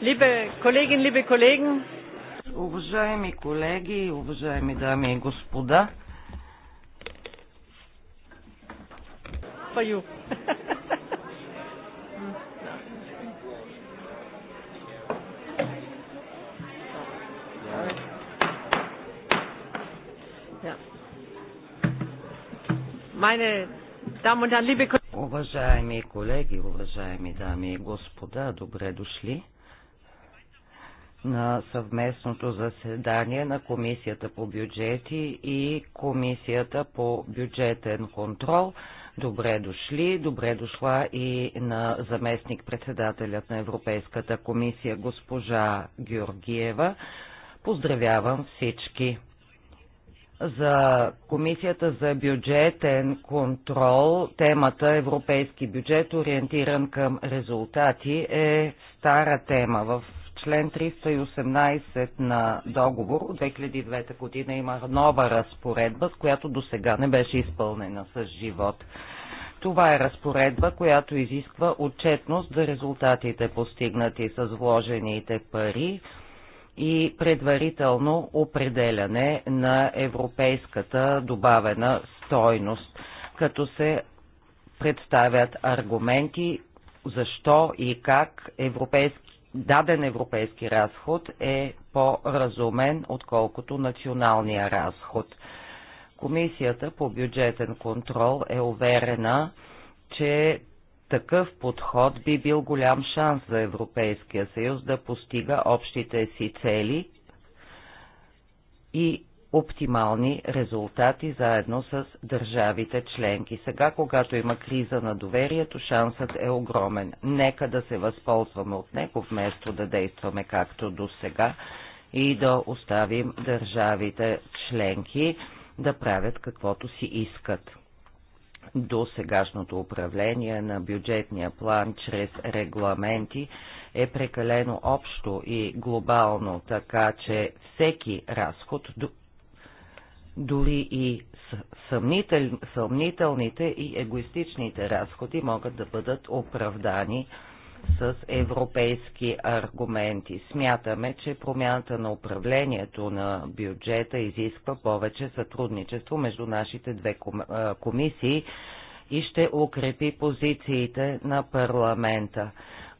Liebe Kolleginnen, liebe Kollegen. Уважаеми колеги, уважаеми дами и господа. Meine Damen und Herren, liebe Kollegen, Уважаеми колеги, уважаеми дами и господа, добре дошли на съвместното заседание на Комисията по бюджети и Комисията по бюджетен контрол. Добре дошли, добре дошла и на заместник-председателят на Европейската комисия госпожа Георгиева. Поздравявам всички! за Комисията за бюджетен контрол темата Европейски бюджет, ориентиран към резултати, е стара тема. В член 318 на договор от 2009 година има нова разпоредба, с която до сега не беше изпълнена с живот. Това е разпоредба, която изисква отчетност за резултатите постигнати с вложените пари, и предварително определяне на европейската добавена стойност, като се представят аргументи защо и как европейски, даден европейски разход е по-разумен, отколкото националния разход. Комисията по бюджетен контрол е уверена, че такъв подход би бил голям шанс за Европейския съюз да постига общите си цели и оптимални резултати заедно с държавите членки. Сега, когато има криза на доверието, шансът е огромен. Нека да се възползваме от него, вместо да действаме както до сега и да оставим държавите членки да правят каквото си искат до сегашното управление на бюджетния план чрез регламенти е прекалено общо и глобално, така че всеки разход, дори и съмнителните и егоистичните разходи могат да бъдат оправдани с европейски аргументи. Смятаме, че промяната на управлението на бюджета изисква повече сътрудничество между нашите две комисии и ще укрепи позициите на парламента.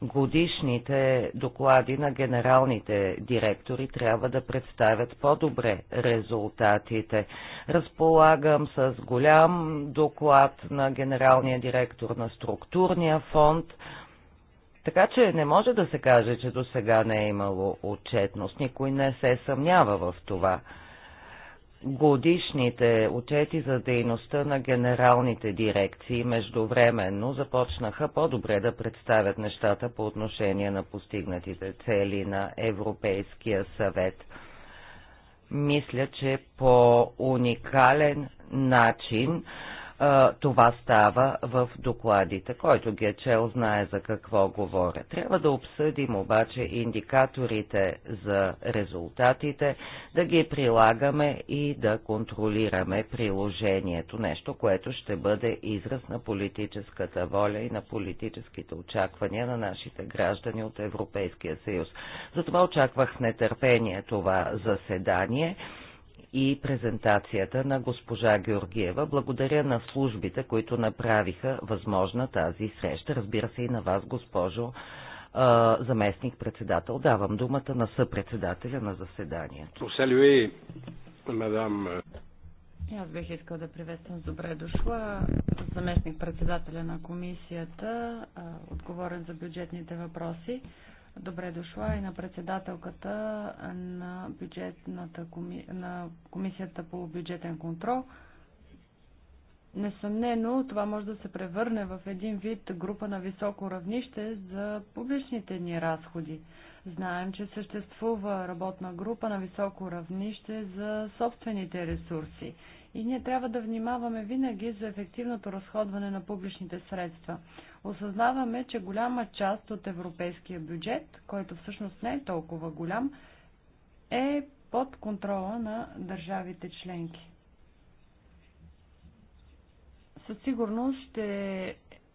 Годишните доклади на генералните директори трябва да представят по-добре резултатите. Разполагам с голям доклад на генералния директор на структурния фонд – така че не може да се каже, че до сега не е имало отчетност. Никой не се съмнява в това. Годишните отчети за дейността на генералните дирекции междувременно започнаха по-добре да представят нещата по отношение на постигнатите цели на Европейския съвет. Мисля, че по уникален начин това става в докладите. Който ги е чел, знае за какво говоря. Трябва да обсъдим обаче индикаторите за резултатите, да ги прилагаме и да контролираме приложението. Нещо, което ще бъде израз на политическата воля и на политическите очаквания на нашите граждани от Европейския съюз. Затова очаквах нетърпение това заседание и презентацията на госпожа Георгиева. Благодаря на службите, които направиха възможна тази среща. Разбира се и на вас, госпожо заместник-председател. Давам думата на съпредседателя на заседанието. Салюи, euh, мадам. Аз бих искал да приветствам с добре дошла заместник-председателя на комисията, отговорен за бюджетните въпроси. Добре дошла и на председателката на, бюджетната коми... на Комисията по бюджетен контрол. Несъмнено, това може да се превърне в един вид група на високо равнище за публичните ни разходи. Знаем, че съществува работна група на високо равнище за собствените ресурси. И ние трябва да внимаваме винаги за ефективното разходване на публичните средства осъзнаваме, че голяма част от европейския бюджет, който всъщност не е толкова голям, е под контрола на държавите членки. Със сигурност ще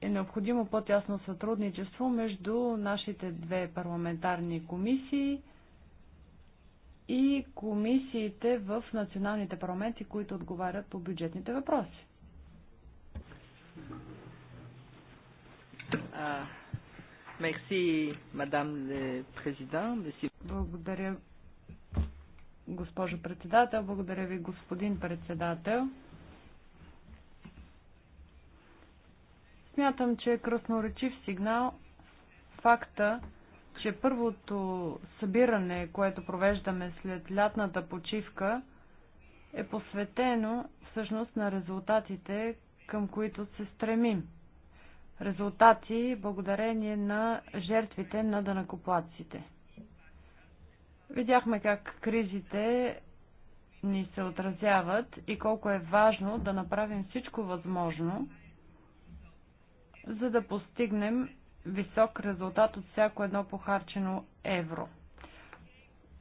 е необходимо по-тясно сътрудничество между нашите две парламентарни комисии и комисиите в националните парламенти, които отговарят по бюджетните въпроси. Мерси, мадам президент. Благодаря, госпожо председател. Благодаря ви, господин председател. Смятам, че е красноречив сигнал факта, че първото събиране, което провеждаме след лятната почивка, е посветено всъщност на резултатите, към които се стремим резултати благодарение на жертвите на данакоплаците. Видяхме как кризите ни се отразяват и колко е важно да направим всичко възможно, за да постигнем висок резултат от всяко едно похарчено евро.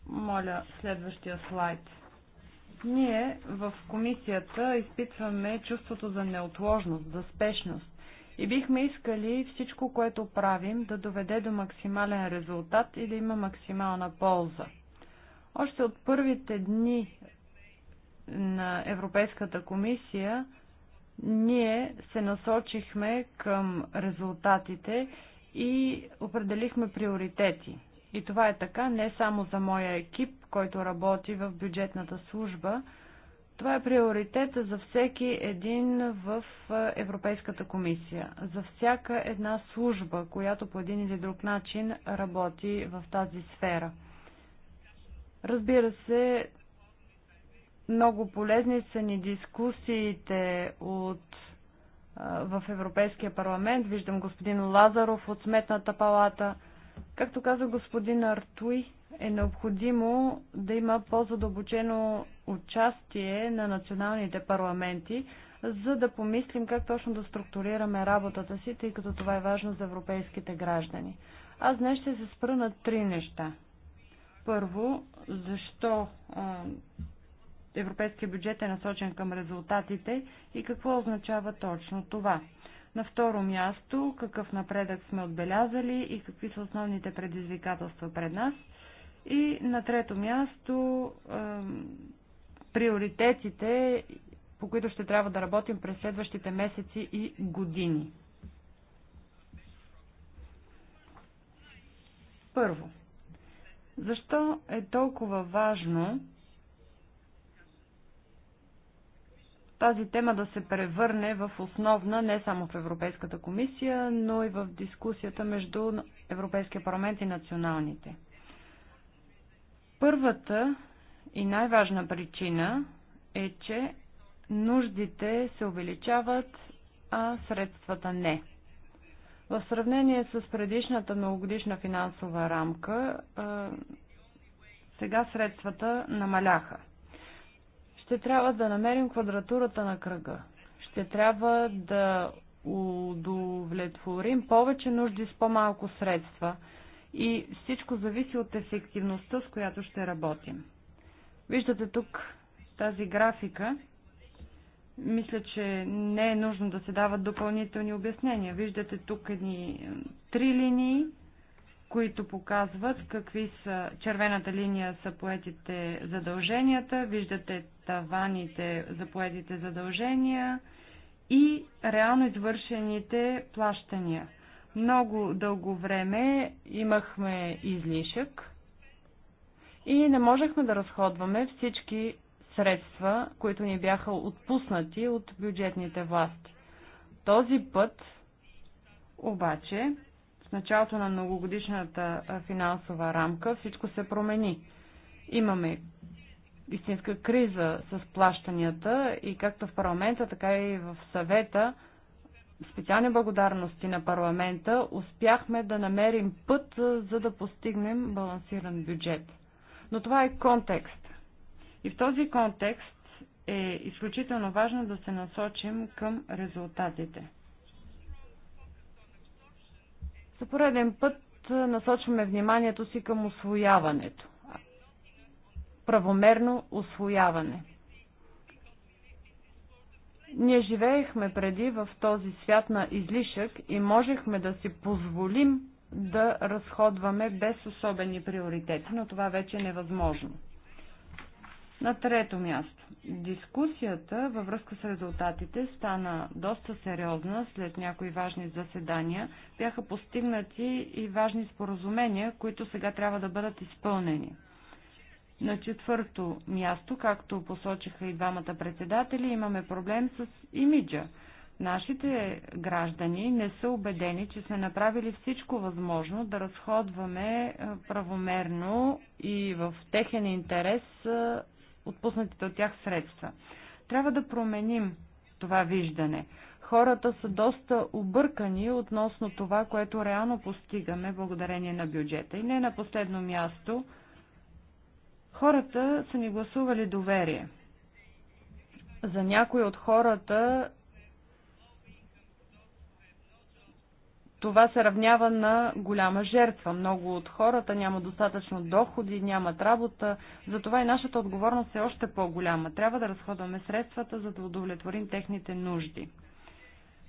Моля, следващия слайд. Ние в комисията изпитваме чувството за неотложност, за спешност и бихме искали всичко, което правим, да доведе до максимален резултат и да има максимална полза. Още от първите дни на Европейската комисия ние се насочихме към резултатите и определихме приоритети. И това е така не само за моя екип, който работи в бюджетната служба, това е приоритет за всеки един в Европейската комисия, за всяка една служба, която по един или друг начин работи в тази сфера. Разбира се, много полезни са ни дискусиите от, в Европейския парламент. Виждам господин Лазаров от Сметната палата. Както каза господин Артуи, е необходимо да има по-задълбочено участие на националните парламенти, за да помислим как точно да структурираме работата си, тъй като това е важно за европейските граждани. Аз днес ще се спра на три неща. Първо, защо а, европейския бюджет е насочен към резултатите и какво означава точно това. На второ място, какъв напредък сме отбелязали и какви са основните предизвикателства пред нас – и на трето място, приоритетите, по които ще трябва да работим през следващите месеци и години. Първо, защо е толкова важно тази тема да се превърне в основна не само в Европейската комисия, но и в дискусията между Европейския парламент и националните? Първата и най-важна причина е, че нуждите се увеличават, а средствата не. В сравнение с предишната многогодишна финансова рамка, сега средствата намаляха. Ще трябва да намерим квадратурата на кръга. Ще трябва да удовлетворим повече нужди с по-малко средства – и всичко зависи от ефективността, с която ще работим. Виждате тук тази графика. Мисля, че не е нужно да се дават допълнителни обяснения. Виждате тук едни три линии, които показват какви са червената линия са поетите задълженията, виждате таваните за поетите задължения и реално извършените плащания – много дълго време имахме излишък и не можехме да разходваме всички средства, които ни бяха отпуснати от бюджетните власти. Този път обаче в началото на многогодишната финансова рамка всичко се промени. Имаме истинска криза с плащанията и както в парламента, така и в съвета специални благодарности на парламента успяхме да намерим път, за да постигнем балансиран бюджет. Но това е контекст. И в този контекст е изключително важно да се насочим към резултатите. За пореден път насочваме вниманието си към освояването. Правомерно освояване – ние живеехме преди в този свят на излишък и можехме да си позволим да разходваме без особени приоритети, но това вече е невъзможно. На трето място. Дискусията във връзка с резултатите стана доста сериозна след някои важни заседания. Бяха постигнати и важни споразумения, които сега трябва да бъдат изпълнени. На четвърто място, както посочиха и двамата председатели, имаме проблем с имиджа. Нашите граждани не са убедени, че сме направили всичко възможно да разходваме е, правомерно и в техен интерес е, отпуснатите от тях средства. Трябва да променим това виждане. Хората са доста объркани относно това, което реално постигаме благодарение на бюджета. И не на последно място – Хората са ни гласували доверие. За някои от хората това се равнява на голяма жертва. Много от хората няма достатъчно доходи, нямат работа, затова и нашата отговорност е още по-голяма. Трябва да разходваме средствата, за да удовлетворим техните нужди.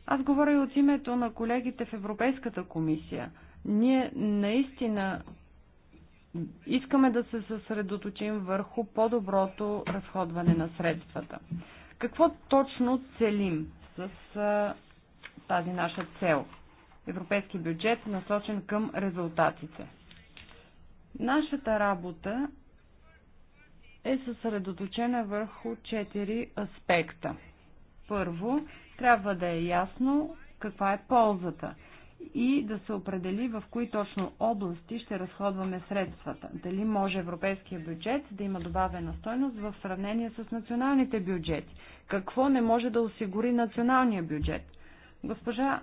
Аз говоря и от името на колегите в Европейската комисия. Ние наистина искаме да се съсредоточим върху по-доброто разходване на средствата. Какво точно целим с тази наша цел? Европейски бюджет, насочен към резултатите. Нашата работа е съсредоточена върху четири аспекта. Първо, трябва да е ясно каква е ползата и да се определи в кои точно области ще разходваме средствата. Дали може европейския бюджет да има добавена стойност в сравнение с националните бюджети? Какво не може да осигури националния бюджет? Госпожа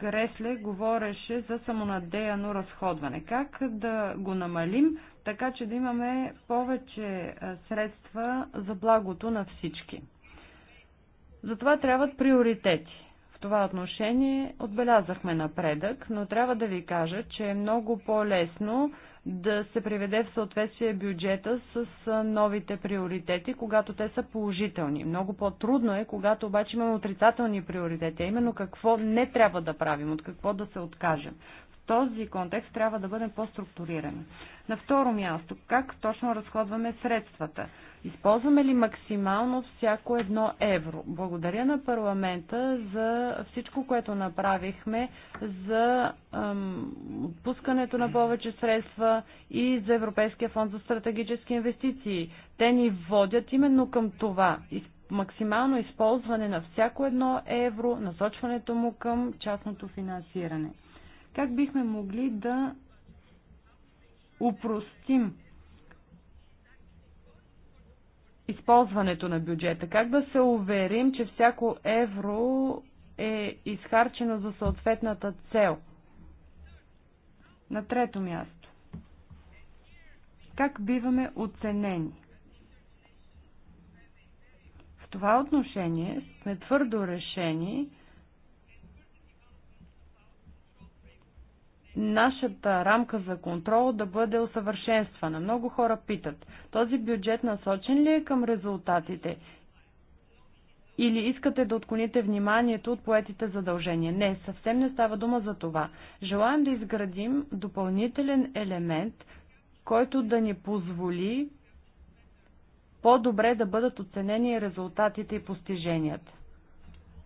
Гресле говореше за самонадеяно разходване. Как да го намалим, така че да имаме повече е, средства за благото на всички? Затова трябват приоритети това отношение отбелязахме напредък, но трябва да ви кажа, че е много по-лесно да се приведе в съответствие бюджета с новите приоритети, когато те са положителни. Много по-трудно е, когато обаче имаме отрицателни приоритети, а именно какво не трябва да правим, от какво да се откажем. В този контекст трябва да бъдем по-структурирани. На второ място, как точно разходваме средствата? Използваме ли максимално всяко едно евро? Благодаря на парламента за всичко, което направихме за отпускането на повече средства и за Европейския фонд за стратегически инвестиции. Те ни водят именно към това максимално използване на всяко едно евро, насочването му към частното финансиране. Как бихме могли да упростим използването на бюджета? Как да се уверим, че всяко евро е изхарчено за съответната цел? На трето място. Как биваме оценени? В това отношение сме твърдо решени нашата рамка за контрол да бъде усъвършенствана. Много хора питат, този бюджет насочен ли е към резултатите? Или искате да отклоните вниманието от поетите задължения? Не, съвсем не става дума за това. Желаем да изградим допълнителен елемент, който да ни позволи по-добре да бъдат оценени резултатите и постиженията.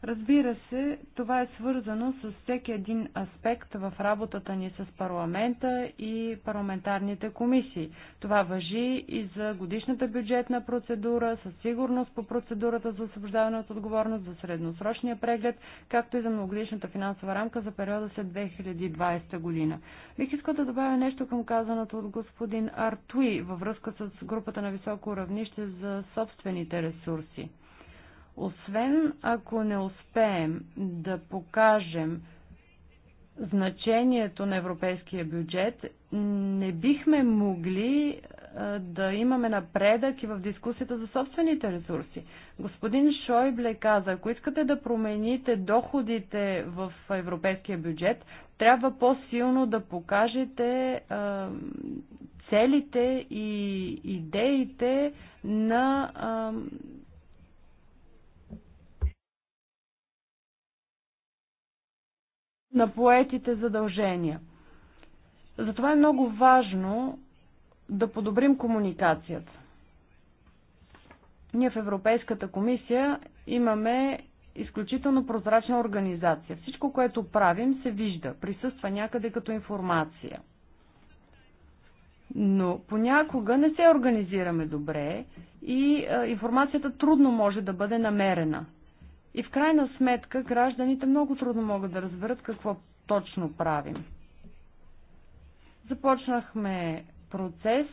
Разбира се, това е свързано с всеки един аспект в работата ни с парламента и парламентарните комисии. Това въжи и за годишната бюджетна процедура, със сигурност по процедурата за освобождаване от отговорност, за средносрочния преглед, както и за многогодишната финансова рамка за периода след 2020 година. Бих искал да добавя нещо към казаното от господин Артуи във връзка с групата на високо равнище за собствените ресурси. Освен ако не успеем да покажем значението на европейския бюджет, не бихме могли е, да имаме напредък и в дискусията за собствените ресурси. Господин Шойбле каза, ако искате да промените доходите в европейския бюджет, трябва по-силно да покажете е, целите и идеите на е, на поетите задължения. Затова е много важно да подобрим комуникацията. Ние в Европейската комисия имаме изключително прозрачна организация. Всичко, което правим, се вижда, присъства някъде като информация. Но понякога не се организираме добре и информацията трудно може да бъде намерена. И в крайна сметка гражданите много трудно могат да разберат какво точно правим. Започнахме процес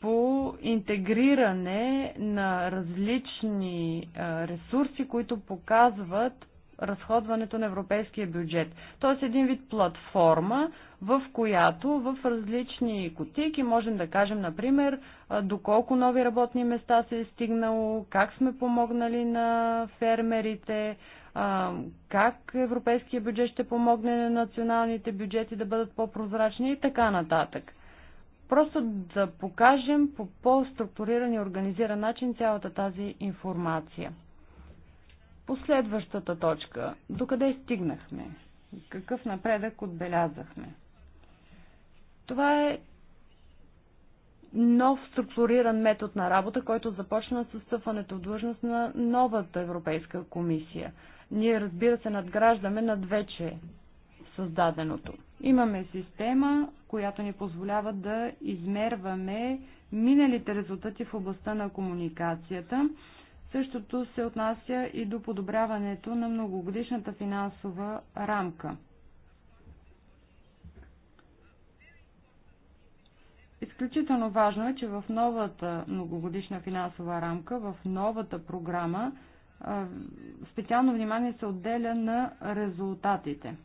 по интегриране на различни ресурси, които показват разходването на европейския бюджет. Тоест един вид платформа, в която в различни котики можем да кажем, например, доколко нови работни места се е стигнало, как сме помогнали на фермерите, как европейския бюджет ще помогне на националните бюджети да бъдат по-прозрачни и така нататък. Просто да покажем по по-структуриран и организиран начин цялата тази информация. Последващата точка. Докъде стигнахме? Какъв напредък отбелязахме? Това е нов структуриран метод на работа, който започна с стъпването в длъжност на новата Европейска комисия. Ние, разбира се, надграждаме над вече създаденото. Имаме система, която ни позволява да измерваме миналите резултати в областта на комуникацията Същото се отнася и до подобряването на многогодишната финансова рамка. Изключително важно е, че в новата многогодишна финансова рамка, в новата програма, специално внимание се отделя на резултатите.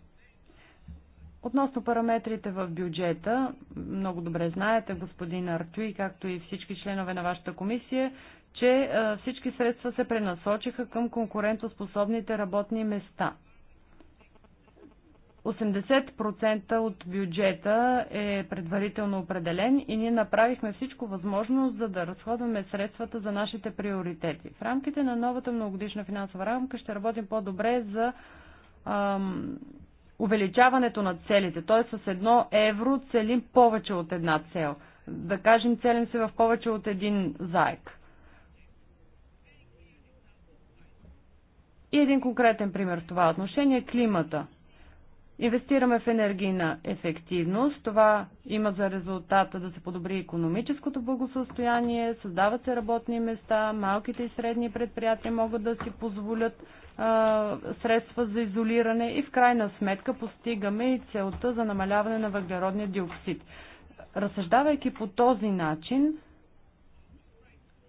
Относно параметрите в бюджета, много добре знаете, господин Артюи, както и всички членове на вашата комисия, че е, всички средства се пренасочиха към конкурентоспособните работни места. 80% от бюджета е предварително определен и ние направихме всичко възможно, за да разходваме средствата за нашите приоритети. В рамките на новата многогодишна финансова рамка ще работим по-добре за ам, увеличаването на целите. Т.е. с едно евро целим повече от една цел. Да кажем, целим се в повече от един заек. И един конкретен пример в това отношение е климата. Инвестираме в енергийна ефективност. Това има за резултата да се подобри економическото благосостояние, създават се работни места, малките и средни предприятия могат да си позволят а, средства за изолиране и в крайна сметка постигаме и целта за намаляване на въглеродния диоксид. Разсъждавайки по този начин,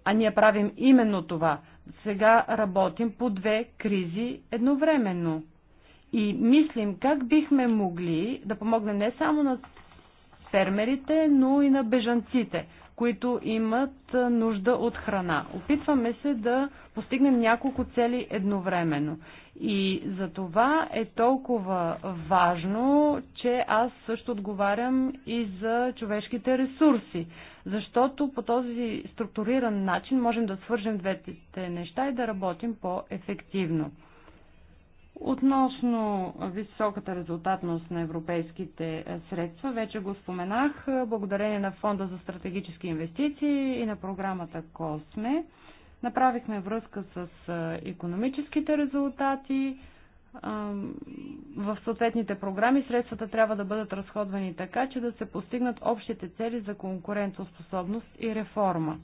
а ние правим именно това – сега работим по две кризи едновременно и мислим как бихме могли да помогнем не само на фермерите, но и на бежанците които имат нужда от храна. Опитваме се да постигнем няколко цели едновременно. И за това е толкова важно, че аз също отговарям и за човешките ресурси. Защото по този структуриран начин можем да свържем двете неща и да работим по-ефективно. Относно високата резултатност на европейските е, средства, вече го споменах, е, благодарение на Фонда за стратегически инвестиции и на програмата КОСМЕ. Направихме връзка с економическите резултати. Е, в съответните програми средствата трябва да бъдат разходвани така, че да се постигнат общите цели за конкурентоспособност и реформа.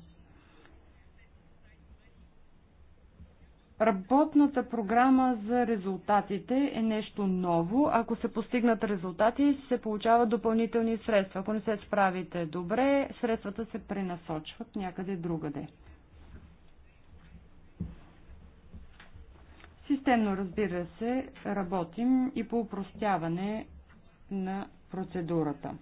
Работната програма за резултатите е нещо ново. Ако се постигнат резултати, се получават допълнителни средства. Ако не се справите добре, средствата се пренасочват някъде другаде. Системно, разбира се, работим и по упростяване на процедурата.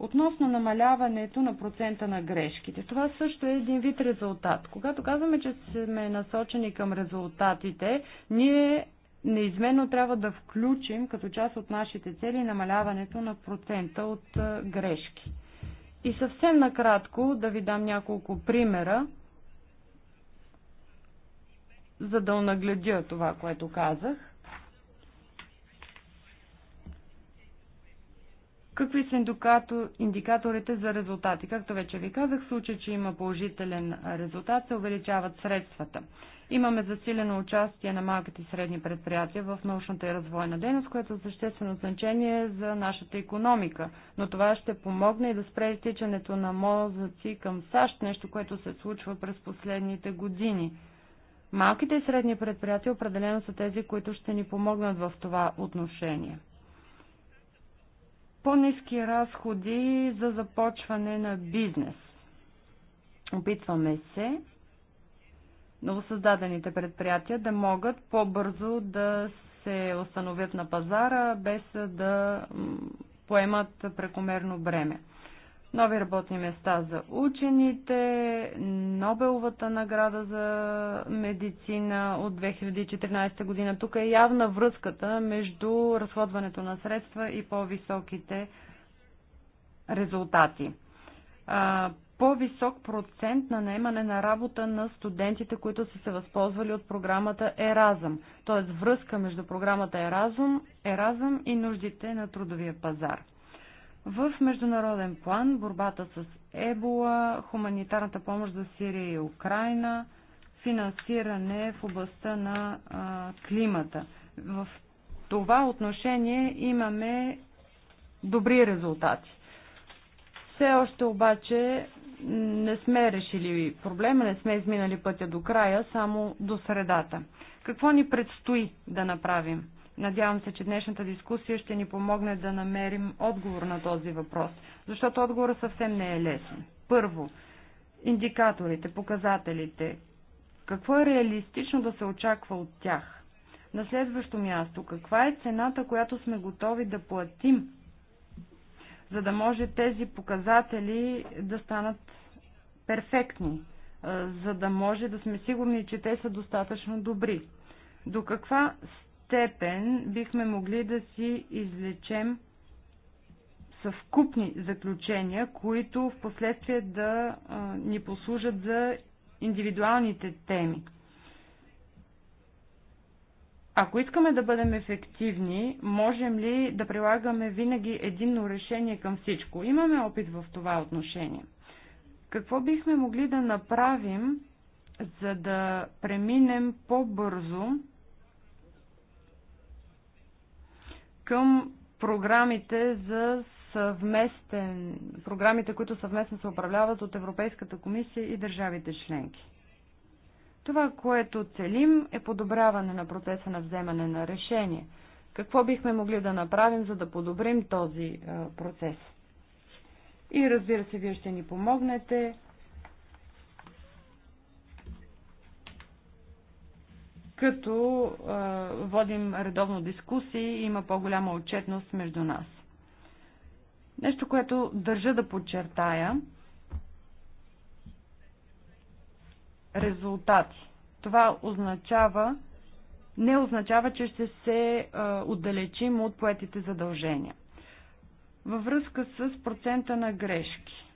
Относно намаляването на процента на грешките, това също е един вид резултат. Когато казваме, че сме насочени към резултатите, ние неизменно трябва да включим като част от нашите цели намаляването на процента от грешки. И съвсем накратко да ви дам няколко примера, за да онагледя това, което казах. Какви са индикаторите за резултати? Както вече ви казах, в случай, че има положителен резултат, се увеличават средствата. Имаме засилено участие на малките и средни предприятия в научната и развойна дейност, което е съществено значение за нашата економика. Но това ще помогне и да спре изтичането на мозъци към САЩ, нещо, което се случва през последните години. Малките и средни предприятия определено са тези, които ще ни помогнат в това отношение по-низки разходи за започване на бизнес. Опитваме се новосъздадените предприятия да могат по-бързо да се установят на пазара, без да поемат прекомерно бреме нови работни места за учените, Нобеловата награда за медицина от 2014 година. Тук е явна връзката между разходването на средства и по-високите резултати. По-висок процент на наемане на работа на студентите, които са се възползвали от програмата Еразъм, т.е. връзка между програмата Еразъм, Еразъм и нуждите на трудовия пазар. В международен план борбата с Ебола, хуманитарната помощ за Сирия и Украина, финансиране в областта на а, климата. В това отношение имаме добри резултати. Все още обаче не сме решили проблема, не сме изминали пътя до края, само до средата. Какво ни предстои да направим? Надявам се, че днешната дискусия ще ни помогне да намерим отговор на този въпрос, защото отговорът съвсем не е лесен. Първо, индикаторите, показателите. Какво е реалистично да се очаква от тях? На следващо място, каква е цената, която сме готови да платим, за да може тези показатели да станат перфектни, за да може да сме сигурни, че те са достатъчно добри? До каква степен бихме могли да си излечем съвкупни заключения, които в последствие да ни послужат за индивидуалните теми. Ако искаме да бъдем ефективни, можем ли да прилагаме винаги единно решение към всичко? Имаме опит в това отношение. Какво бихме могли да направим, за да преминем по-бързо към програмите за съвместен, програмите, които съвместно се управляват от Европейската комисия и държавите членки. Това, което целим, е подобряване на процеса на вземане на решение. Какво бихме могли да направим, за да подобрим този процес? И разбира се, вие ще ни помогнете като а, водим редовно дискусии, и има по-голяма отчетност между нас. Нещо, което държа да подчертая. Резултати. Това означава, не означава, че ще се а, отдалечим от поетите задължения. Във връзка с процента на грешки.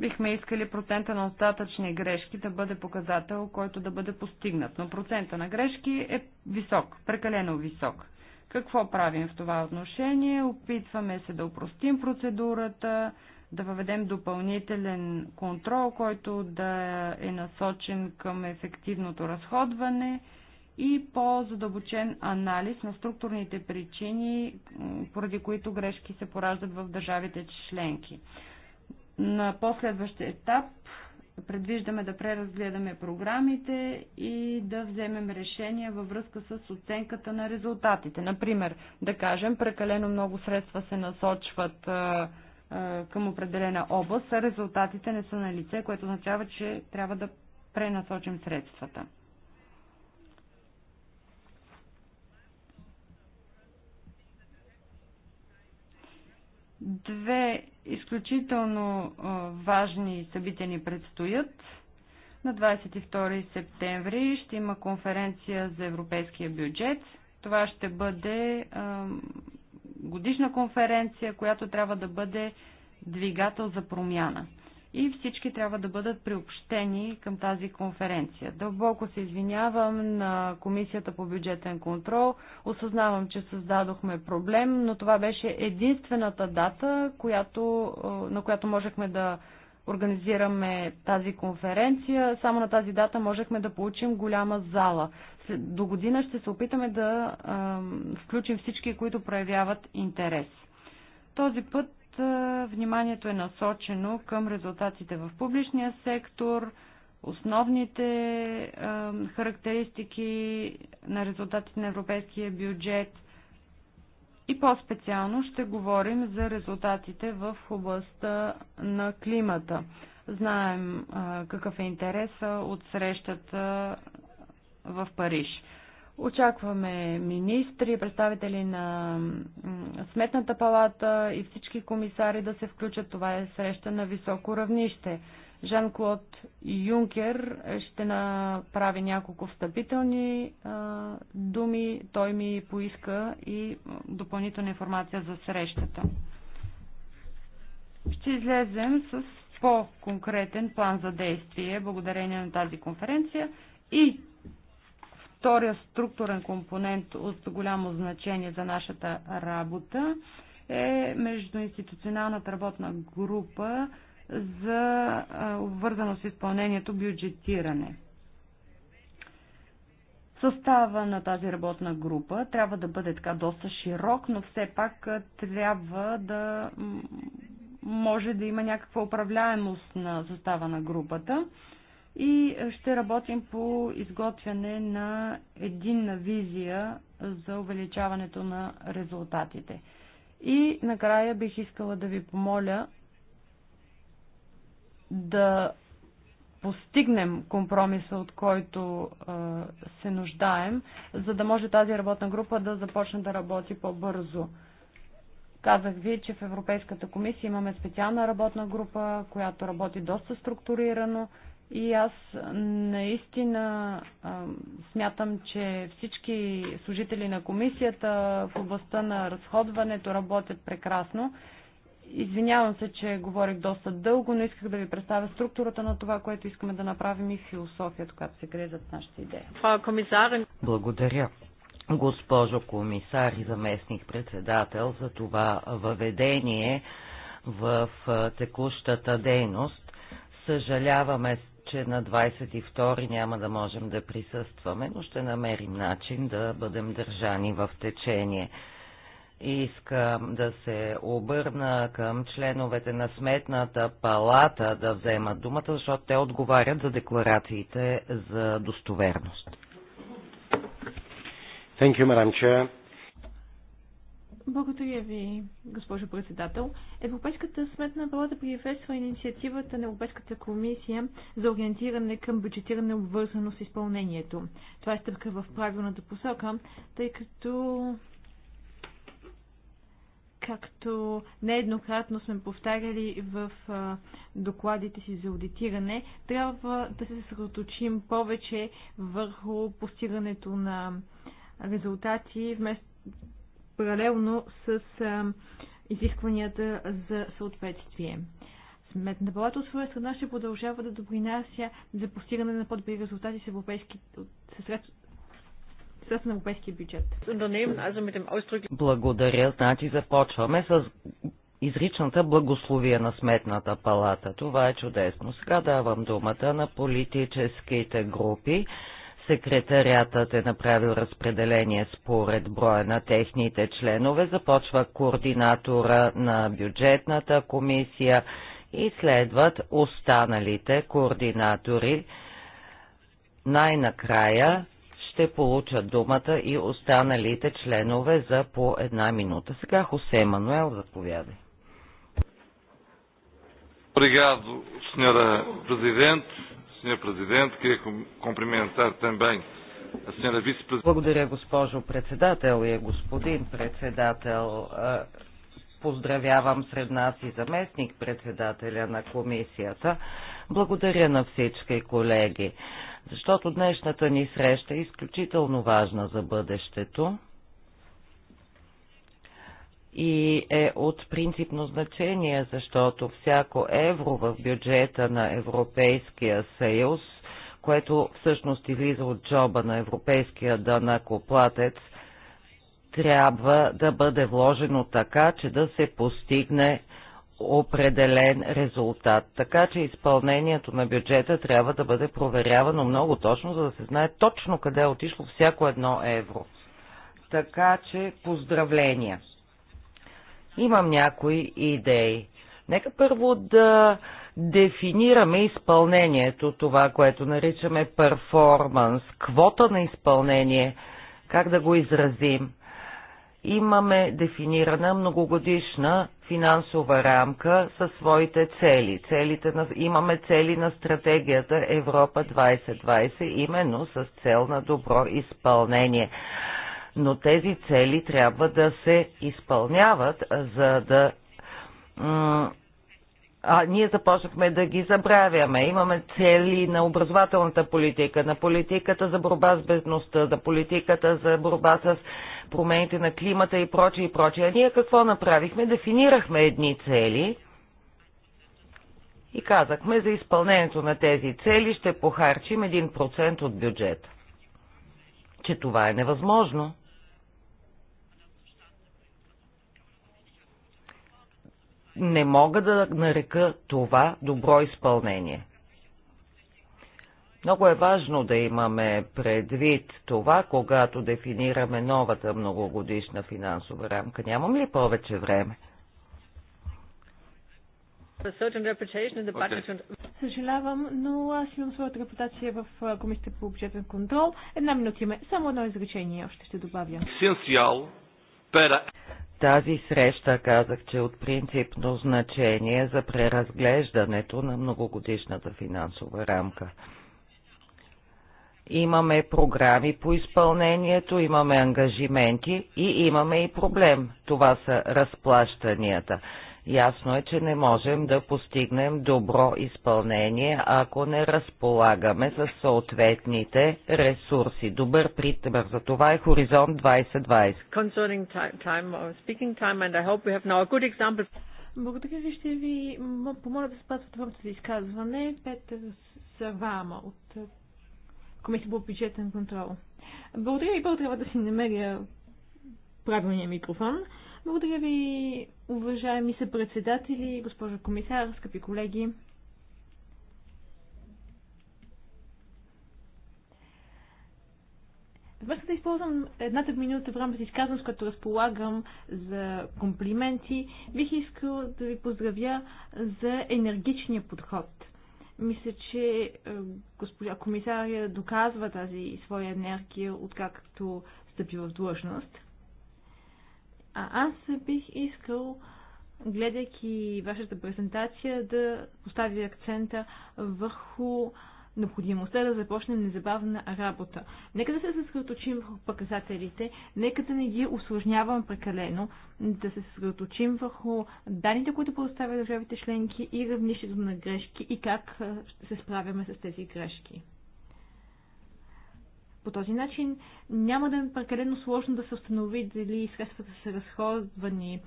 Бихме искали процента на остатъчни грешки да бъде показател, който да бъде постигнат, но процента на грешки е висок, прекалено висок. Какво правим в това отношение? Опитваме се да упростим процедурата, да въведем допълнителен контрол, който да е насочен към ефективното разходване и по-задълбочен анализ на структурните причини, поради които грешки се пораждат в държавите членки. На последващия етап предвиждаме да преразгледаме програмите и да вземем решения във връзка с оценката на резултатите. Например, да кажем, прекалено много средства се насочват към определена област, а резултатите не са на лице, което означава, че трябва да пренасочим средствата. Две изключително важни събития ни предстоят. На 22 септември ще има конференция за европейския бюджет. Това ще бъде годишна конференция, която трябва да бъде двигател за промяна и всички трябва да бъдат приобщени към тази конференция. Дълбоко се извинявам на Комисията по бюджетен контрол. Осъзнавам, че създадохме проблем, но това беше единствената дата, която, е, на която можехме да организираме тази конференция. Само на тази дата можехме да получим голяма зала. До година ще се опитаме да включим всички, които проявяват интерес. Този път вниманието е насочено към резултатите в публичния сектор, основните е, характеристики на резултатите на европейския бюджет и по-специално ще говорим за резултатите в областта на климата. Знаем е, какъв е интереса от срещата в Париж. Очакваме министри, представители на Сметната палата и всички комисари да се включат. Това е среща на високо равнище. Жан-Клод Юнкер ще направи няколко встъпителни думи. Той ми поиска и допълнителна информация за срещата. Ще излезем с по-конкретен план за действие благодарение на тази конференция и Втория структурен компонент от голямо значение за нашата работа е междуинституционалната работна група за обвързано с изпълнението бюджетиране. Състава на тази работна група трябва да бъде така доста широк, но все пак трябва да може да има някаква управляемост на състава на групата и е, ще работим по изготвяне на единна визия за увеличаването на резултатите. И накрая бих искала да ви помоля да постигнем компромиса, от който е, се нуждаем, за да може тази работна група да започне да работи по-бързо. Казах ви, че в Европейската комисия имаме специална работна група, която работи доста структурирано. И аз наистина смятам, че всички служители на комисията в областта на разходването работят прекрасно. Извинявам се, че говорих доста дълго, но исках да ви представя структурата на това, което искаме да направим и философията, която се крие зад нашата идея. Благодаря, госпожо комисар и заместник председател, за това въведение в текущата дейност съжаляваме че на 22 няма да можем да присъстваме, но ще намерим начин да бъдем държани в течение. Искам да се обърна към членовете на Сметната палата да вземат думата, защото те отговарят за декларациите за достоверност. Thank you, Madam Chair. Благодаря ви, госпожо председател. Европейската сметна палата приветства инициативата на Европейската комисия за ориентиране към бюджетиране обвързано с изпълнението. Това е стъпка в правилната посока, тъй като както нееднократно сме повтаряли в докладите си за аудитиране, трябва да се съсредоточим повече върху постигането на резултати, вместо паралелно с изискванията за съответствие. Сметната палата от своя страна ще продължава да допринася за постигане на по-добри резултати с европейски, средства. на европейския бюджет. Благодаря. Значи започваме с изричната благословие на Сметната палата. Това е чудесно. Сега давам думата на политическите групи. Секретариатът е направил разпределение според броя на техните членове. Започва координатора на бюджетната комисия и следват останалите координатори. Най-накрая ще получат думата и останалите членове за по една минута. Сега Хосе Мануел, заповядай. Obrigado, Sra. Presidente. Sr. Presidente. Queria cumprimentar também a Vice-Presidente. Благодаря, госпожо председател и господин председател. Поздравявам сред нас и заместник председателя на комисията. Благодаря на всички колеги, защото днешната ни среща е изключително важна за бъдещето и е от принципно значение, защото всяко евро в бюджета на Европейския съюз, което всъщност излиза от джоба на европейския данакоплатец, трябва да бъде вложено така, че да се постигне определен резултат. Така че изпълнението на бюджета трябва да бъде проверявано много точно, за да се знае точно къде е отишло всяко едно евро. Така че поздравления! Имам някои идеи. Нека първо да дефинираме изпълнението, това, което наричаме перформанс, квота на изпълнение, как да го изразим. Имаме дефинирана многогодишна финансова рамка със своите цели. Целите на, имаме цели на стратегията Европа 2020, именно с цел на добро изпълнение но тези цели трябва да се изпълняват, за да а ние започнахме да ги забравяме. Имаме цели на образователната политика, на политиката за борба с бедността, на политиката за борба с промените на климата и прочее и прочее. А ние какво направихме? Дефинирахме едни цели и казахме за изпълнението на тези цели ще похарчим 1% от бюджета. Че това е невъзможно. не мога да нарека това добро изпълнение. Много е важно да имаме предвид това, когато дефинираме новата многогодишна финансова рамка. Нямам ли повече време? Съжалявам, но аз имам своята репутация в Комисията по бюджетен контрол. Една минута има. Само едно изречение още ще добавя. para тази среща казах, че е от принципно значение за преразглеждането на многогодишната финансова рамка. Имаме програми по изпълнението, имаме ангажименти и имаме и проблем. Това са разплащанията. Ясно е, че не можем да постигнем добро изпълнение, ако не разполагаме с съответните ресурси. Добър притъбър за това е Хоризонт 2020. Uh, Благодаря ви. Ще ви помоля да спазвате времето за изказване. Петър Савама от е, Комисия по бюджетен контрол. Благодаря и първо трябва да си намеря правилния микрофон. Благодаря ви, уважаеми се председатели, госпожо комисар, скъпи колеги. Вместо да използвам едната минута в рамките изказвам, с което разполагам за комплименти, бих искал да ви поздравя за енергичния подход. Мисля, че е, госпожа комисаря доказва тази своя енергия, откакто стъпи в длъжност. А аз бих искал, гледайки вашата презентация, да поставя акцента върху необходимостта да започнем незабавна работа. Нека да се съсредоточим върху показателите, нека да не ги осложнявам прекалено, да се съсредоточим върху данните, които предоставят държавите членки и равнището на грешки и как се справяме с тези грешки. По този начин няма да е прекалено сложно да се установи дали средствата са разходвани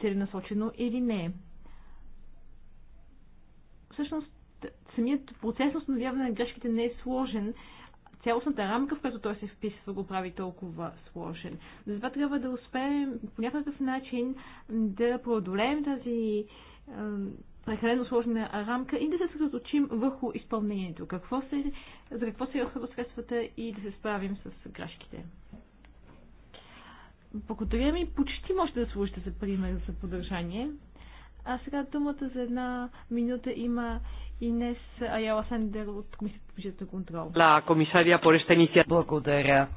целенасочено или не. Всъщност, самият процес на установяване на грешките не е сложен. Цялостната рамка, в която той се вписва, го прави толкова сложен. Затова трябва да успеем по някакъв начин да преодолеем тази прекалено сложна рамка и да се съсредоточим върху изпълнението. Какво се, за какво се върху средствата и да се справим с грешките. Благодаря ми, почти можете да служите за пример за поддържание. А сега думата за една минута има Инес Аяла Сендер от Комисията по бюджетна контрол. Да, комисария по Благодаря.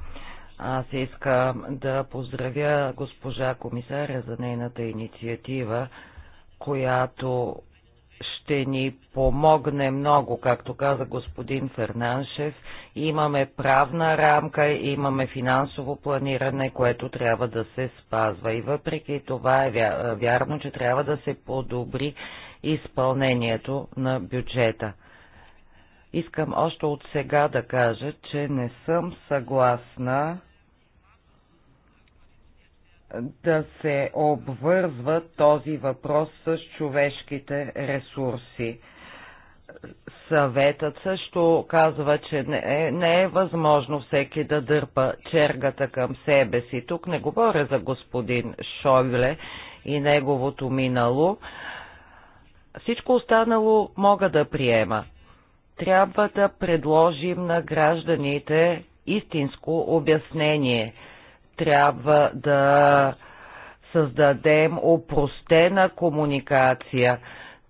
Аз искам да поздравя госпожа комисаря за нейната инициатива, която ще ни помогне много, както каза господин Фернаншев. Имаме правна рамка, имаме финансово планиране, което трябва да се спазва. И въпреки това е вярно, че трябва да се подобри изпълнението на бюджета. Искам още от сега да кажа, че не съм съгласна да се обвързва този въпрос с човешките ресурси. Съветът също казва, че не е, не е възможно всеки да дърпа чергата към себе си. Тук не говоря за господин Шойле и неговото минало. Всичко останало мога да приема. Трябва да предложим на гражданите истинско обяснение – трябва да създадем опростена комуникация.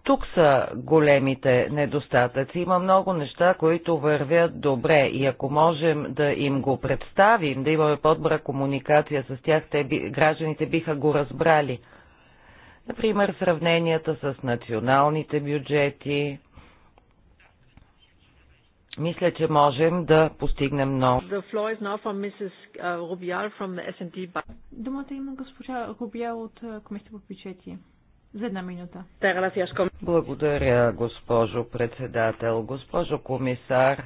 Тук са големите недостатъци. Има много неща, които вървят добре и ако можем да им го представим, да имаме по-добра комуникация с тях, те би, гражданите биха го разбрали. Например, сравненията с националните бюджети, мисля, че можем да постигнем много. Думата има госпожа Рубиал от Комисията по бюджети. За една минута. Благодаря, госпожо председател. Госпожо комисар,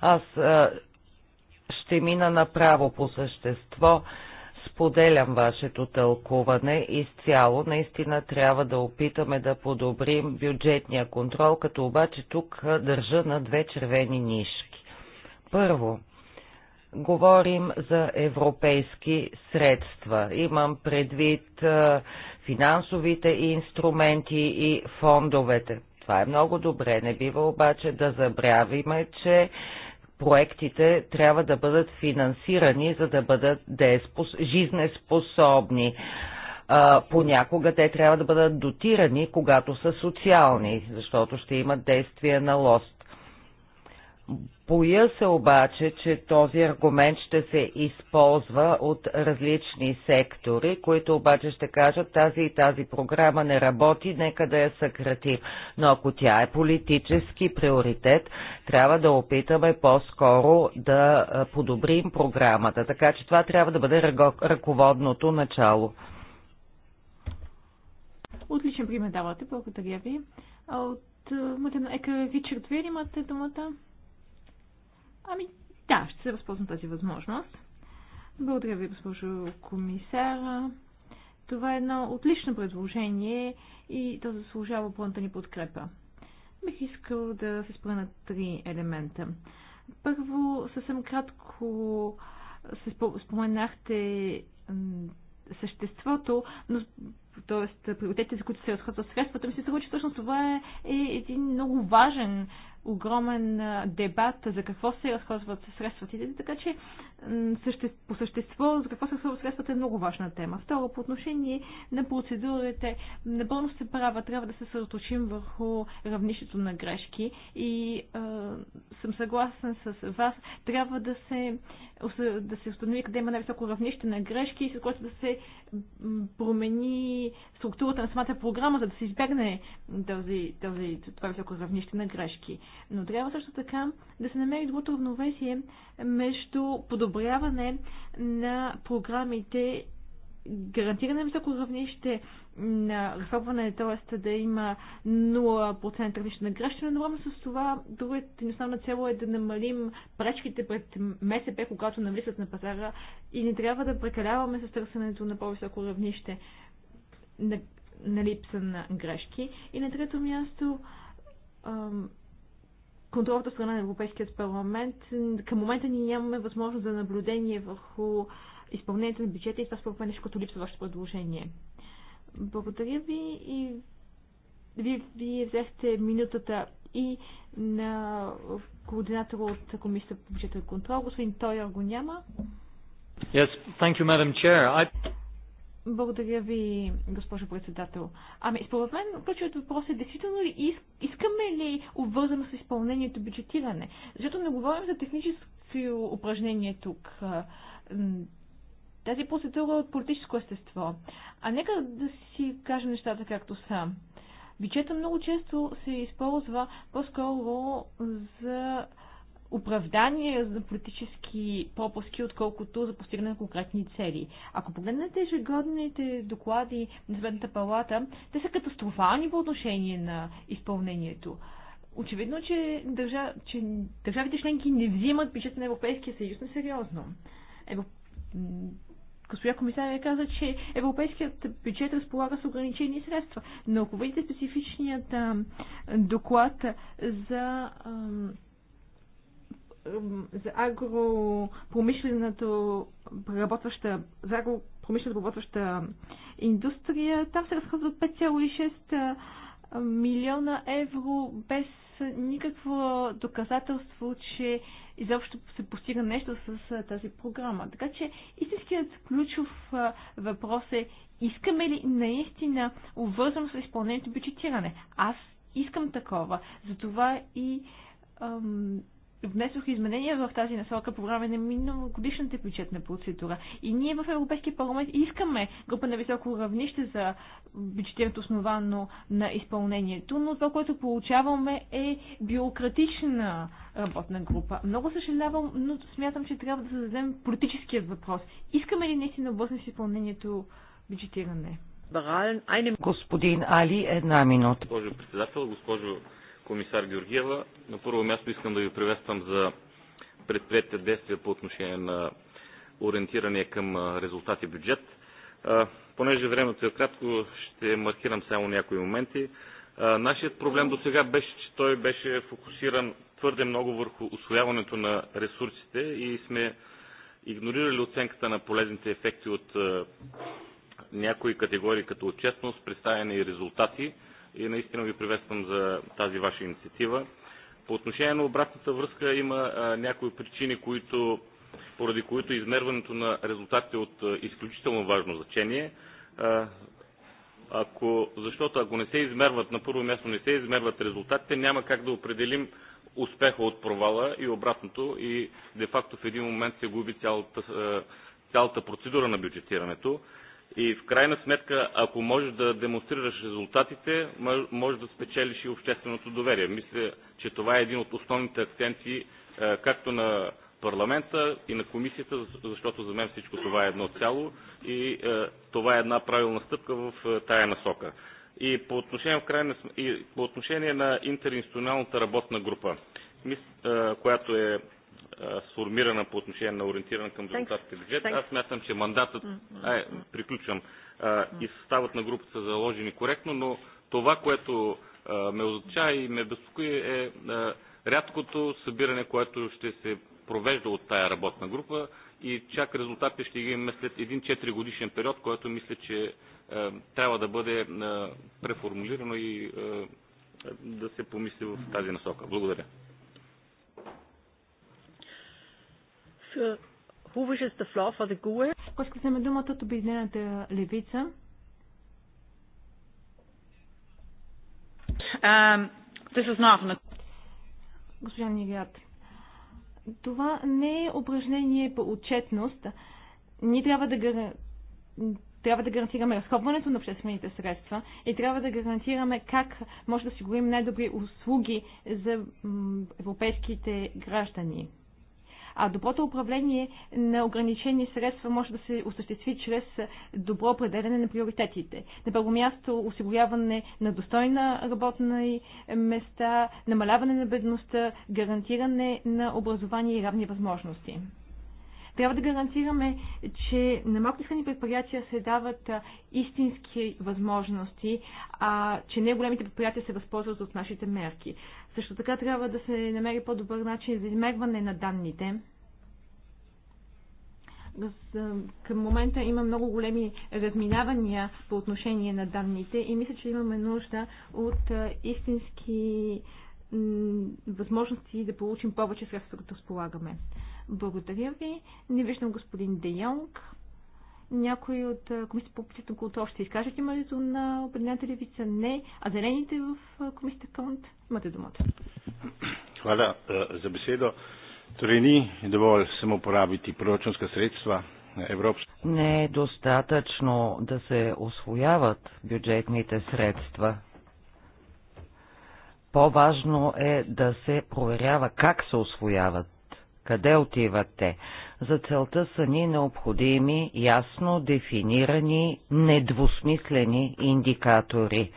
аз ще мина направо по същество споделям вашето тълкуване изцяло. Наистина трябва да опитаме да подобрим бюджетния контрол, като обаче тук държа на две червени нишки. Първо, говорим за европейски средства. Имам предвид финансовите инструменти и фондовете. Това е много добре. Не бива обаче да забравиме, че проектите трябва да бъдат финансирани, за да бъдат жизнеспособни. Понякога те трябва да бъдат дотирани, когато са социални, защото ще имат действие на лост. Боя се обаче, че този аргумент ще се използва от различни сектори, които обаче ще кажат тази и тази програма не работи, нека да я съкратим. Но ако тя е политически приоритет, трябва да опитаме по-скоро да подобрим програмата. Така че това трябва да бъде ръководното начало. Отличен пример давате, благодаря ви. А от Мутено Ека Ричард, вие имате думата? Ами, да, ще се възползвам тази възможност. Благодаря ви, госпожо комисар. Това е едно отлично предложение и то заслужава пълната ни подкрепа. Бих искал да се спра на три елемента. Първо, съвсем кратко се споменахте съществото, но т.е. приоритетите, за които се разходват средствата, ми се струва, че всъщност това е, е, един много важен, огромен дебат за какво се разходват средствата. Така че по същество за какво се разходват средствата е много важна тема. Второ, по отношение на процедурите, напълно се права, трябва да се съсредоточим върху равнището на грешки и е, съм съгласен с вас, трябва да се, да се установи къде има най-високо равнище на грешки, с което да се промени структурата на самата програма, за да се избегне този, този, това високо равнище на грешки. Но трябва също така да се намери другото равновесие между подобряване на програмите гарантиране високо равнище на разхлабване, т.е. да има 0% равнище на грешка, но едновременно с това другата ни основна цел е да намалим пречките пред МСП, когато навлизат на пазара и не трябва да прекаляваме с търсенето на по-високо равнище на, на липса на грешки. И на трето място, контролната страна на Европейският парламент. Към момента ние нямаме възможност за наблюдение върху изпълнението на бюджета и това според мен е нещо, което липсва вашето предложение. Благодаря ви и вие, ви взехте минутата и на координатора от Комисията по бюджетен контрол. Господин Тойер го няма. Yes, thank you, Madam Chair. I... Благодаря ви, госпожо председател. Ами, според мен, ключовият въпрос е действително ли искаме ли обвързано с изпълнението бюджетиране? Защото не говорим за технически упражнение тук. Тази процедура е от политическо естество. А нека да си кажем нещата както са. Бюджета много често се използва по-скоро за оправдание за политически пропуски, отколкото за постигане на конкретни цели. Ако погледнете ежегодните доклади на Сметната палата, те са катастрофални по отношение на изпълнението. Очевидно, че, държа, че държавите членки не взимат бюджета на Европейския съюз на сериозно. Европ... Госпожа комисария каза, че европейският бюджет разполага с ограничени средства. Но ако видите специфичният а, доклад за. А, за агропромишленото преработваща, за агропромишленото преработваща индустрия. Там се разходват 5,6 милиона евро без никакво доказателство, че изобщо се постига нещо с тази програма. Така че истинският ключов въпрос е искаме ли наистина увързано с изпълнението бюджетиране? Аз искам такова. Затова и ам, внесох изменения в тази насока по време на миналогодишната бюджетна процедура. И ние в Европейския парламент искаме група на високо равнище за бюджетирането основано на изпълнението, но това, което получаваме е бюрократична работна група. Много съжалявам, но смятам, че трябва да зададем политическият въпрос. Искаме ли наистина обвързане с изпълнението бюджетиране? Господин Али, една минута. Госпожо председател, госпожо комисар Георгиева. На първо място искам да ви приветствам за предприятите действия по отношение на ориентиране към резултати бюджет. Понеже времето е кратко, ще маркирам само някои моменти. Нашият проблем до сега беше, че той беше фокусиран твърде много върху освояването на ресурсите и сме игнорирали оценката на полезните ефекти от някои категории като отчетност, представяне и резултати – и наистина ви приветствам за тази ваша инициатива. По отношение на обратната връзка има а, някои причини, които, поради които измерването на резултатите е от а, изключително важно значение. А, ако, защото ако не се измерват, на първо място не се измерват резултатите, няма как да определим успеха от провала и обратното и де-факто в един момент се губи цялата, цялата процедура на бюджетирането. И в крайна сметка, ако можеш да демонстрираш резултатите, можеш да спечелиш и общественото доверие. Мисля, че това е един от основните акценти е, както на парламента и на комисията, защото за мен всичко това е едно цяло и е, това е една правилна стъпка в е, тая насока. И по отношение, в крайна, и по отношение на интеринституционалната работна група, която е сформирана по отношение на ориентиран към резултатите бюджет. Аз мятам, че мандатът, ай, приключвам, а, и съставът на групата са заложени коректно, но това, което а, ме означава и ме безпокои е а, рядкото събиране, което ще се провежда от тая работна група и чак резултатите ще ги имаме след един 4 годишен период, който мисля, че а, трябва да бъде а, преформулирано и а, да се помисли в тази насока. Благодаря. für Who wishes the floor for the GUE? Поиска се думата от Обединената левица. Um, this is not... Госпожа Нигиат, това не е упражнение по отчетност. Ние трябва да, гар... трябва да гарантираме разходването на обществените средства и трябва да гарантираме как може да осигурим най-добри услуги за европейските граждани. А доброто управление на ограничени средства може да се осъществи чрез добро определене на приоритетите. На първо място осигуряване на достойна работна места, намаляване на бедността, гарантиране на образование и равни възможности трябва да гарантираме, че на малките средни предприятия се дават истински възможности, а че не големите предприятия се възползват от нашите мерки. Също така трябва да се намери по-добър начин за измерване на данните. Към момента има много големи разминавания по отношение на данните и мисля, че имаме нужда от истински възможности да получим повече средства, като сполагаме. Благодаря ви. Не виждам господин Де Йонг някой от Комисията по на култура ще изкаже от на определената левица? Не. А зелените в Комисията Конт? Имате думата. Hvala za besedo. Torej ni dovolj samo porabiti proračunska sredstva Европска. Не е достатъчно да се освояват бюджетните средства. По-важно е да се проверява как се освояват къде отиват те? За целта са ни необходими ясно дефинирани, недвусмислени индикатори.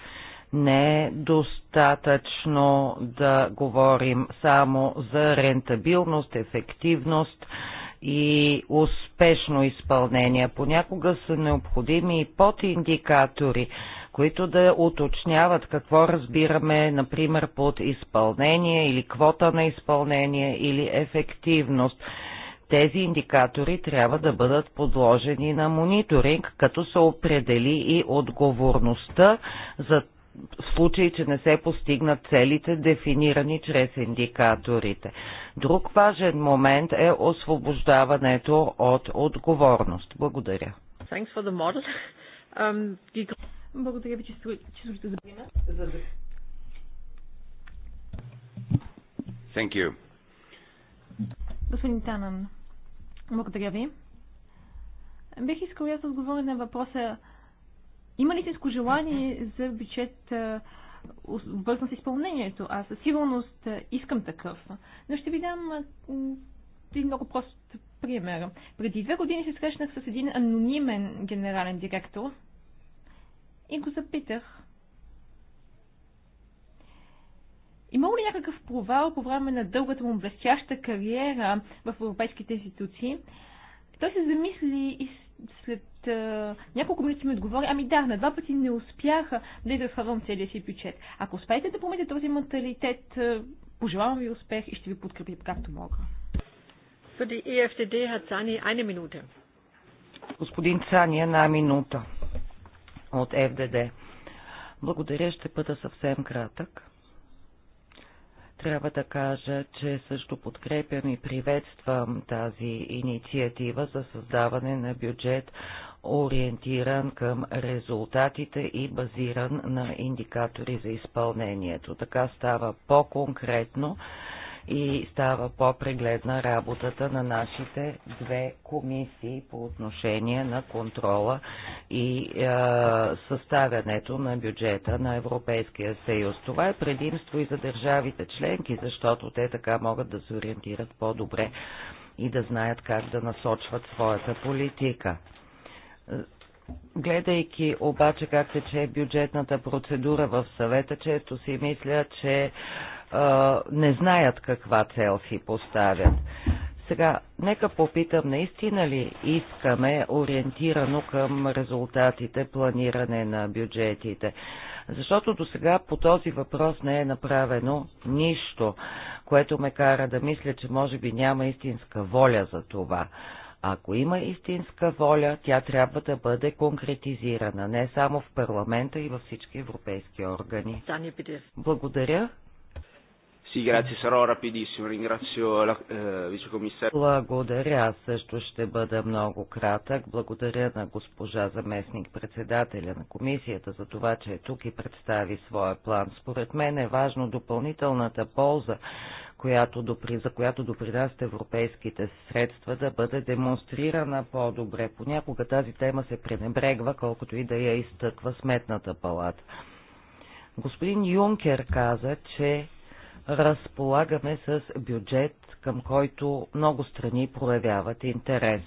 Не е достатъчно да говорим само за рентабилност, ефективност и успешно изпълнение. Понякога са необходими и подиндикатори които да уточняват какво разбираме, например, под изпълнение или квота на изпълнение или ефективност. Тези индикатори трябва да бъдат подложени на мониторинг, като се определи и отговорността за в случай, че не се постигнат целите, дефинирани чрез индикаторите. Друг важен момент е освобождаването от отговорност. Благодаря. Благодаря ви, че слушате за време. Thank you. Господин Танан, благодаря ви. Бих искал аз да отговоря на въпроса има ли истинско желание за бюджет вързан с изпълнението? Аз със сигурност искам такъв. Но ще ви дам един много прост пример. Преди две години се срещнах с един анонимен генерален директор – и го запитах. Има ли някакъв провал по време на дългата му блестяща кариера в европейските институции? Той се замисли и след а, няколко минути ми отговори, ами да, на два пъти не успяха да изразходвам целия си бюджет. Ако успеете да промените този менталитет, пожелавам ви успех и ще ви подкрепя както мога. E Господин Цани, една минута от ФДД. Благодаря, ще бъда съвсем кратък. Трябва да кажа, че също подкрепям и приветствам тази инициатива за създаване на бюджет, ориентиран към резултатите и базиран на индикатори за изпълнението. Така става по-конкретно и става по-прегледна работата на нашите две комисии по отношение на контрола и е, съставянето на бюджета на Европейския съюз. Това е предимство и за държавите членки, защото те така могат да се ориентират по-добре и да знаят как да насочват своята политика. Гледайки обаче как тече бюджетната процедура в съвета, често си мисля, че а, не знаят каква цел си поставят. Сега, нека попитам, наистина ли искаме ориентирано към резултатите планиране на бюджетите? Защото до сега по този въпрос не е направено нищо, което ме кара да мисля, че може би няма истинска воля за това. Ако има истинска воля, тя трябва да бъде конкретизирана, не само в парламента и във всички европейски органи. Благодаря. Sì, grazie, sarò rapidissimo. Ringrazio la eh, vicecommissaria. Благодаря, също ще бъда много кратък. Благодаря на госпожа заместник председателя на комисията за това, че е тук и представи своя план. Според мен е важно допълнителната полза, която допри, за която допринасят европейските средства, да бъде демонстрирана по-добре. Понякога тази тема се пренебрегва, колкото и да я изтъква сметната палата. Господин Юнкер каза, че разполагаме с бюджет, към който много страни проявяват интерес.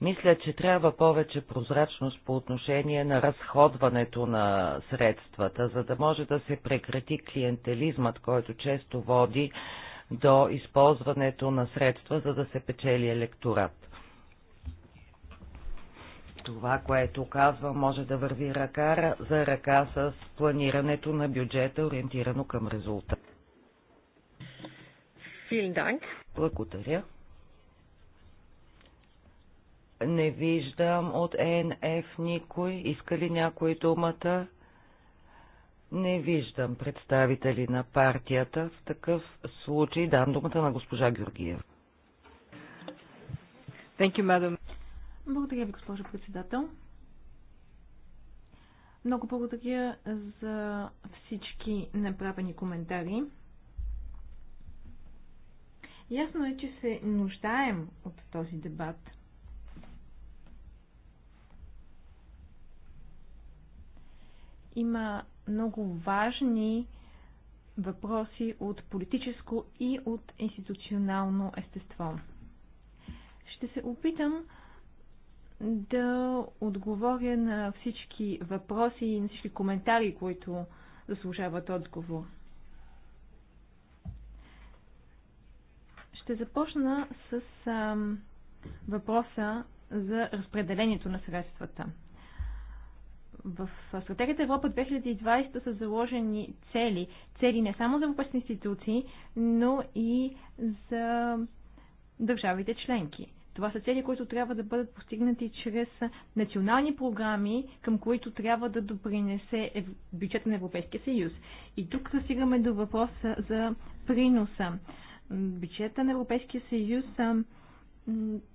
Мисля, че трябва повече прозрачност по отношение на разходването на средствата, за да може да се прекрати клиентелизмът, който често води до използването на средства, за да се печели електорат. Това, което казва, може да върви ръка за ръка с планирането на бюджета, ориентирано към резултат. Благодаря. Не виждам от ЕНФ никой. Иска ли някой думата? Не виждам представители на партията. В такъв случай дам думата на госпожа Георгиев. Thank you, madam. Благодаря ви, госпожо председател. Много благодаря за всички направени коментари. Ясно е, че се нуждаем от този дебат. Има много важни въпроси от политическо и от институционално естество. Ще се опитам да отговоря на всички въпроси и на всички коментари, които заслужават отговор. Ще започна с въпроса за разпределението на средствата. В стратегията Европа 2020 са заложени цели. Цели не само за въпросни институции, но и за държавите членки. Това са цели, които трябва да бъдат постигнати чрез национални програми, към които трябва да допринесе бюджет на Европейския съюз. И тук стигаме до въпроса за приноса. Бюджета на Европейския съюз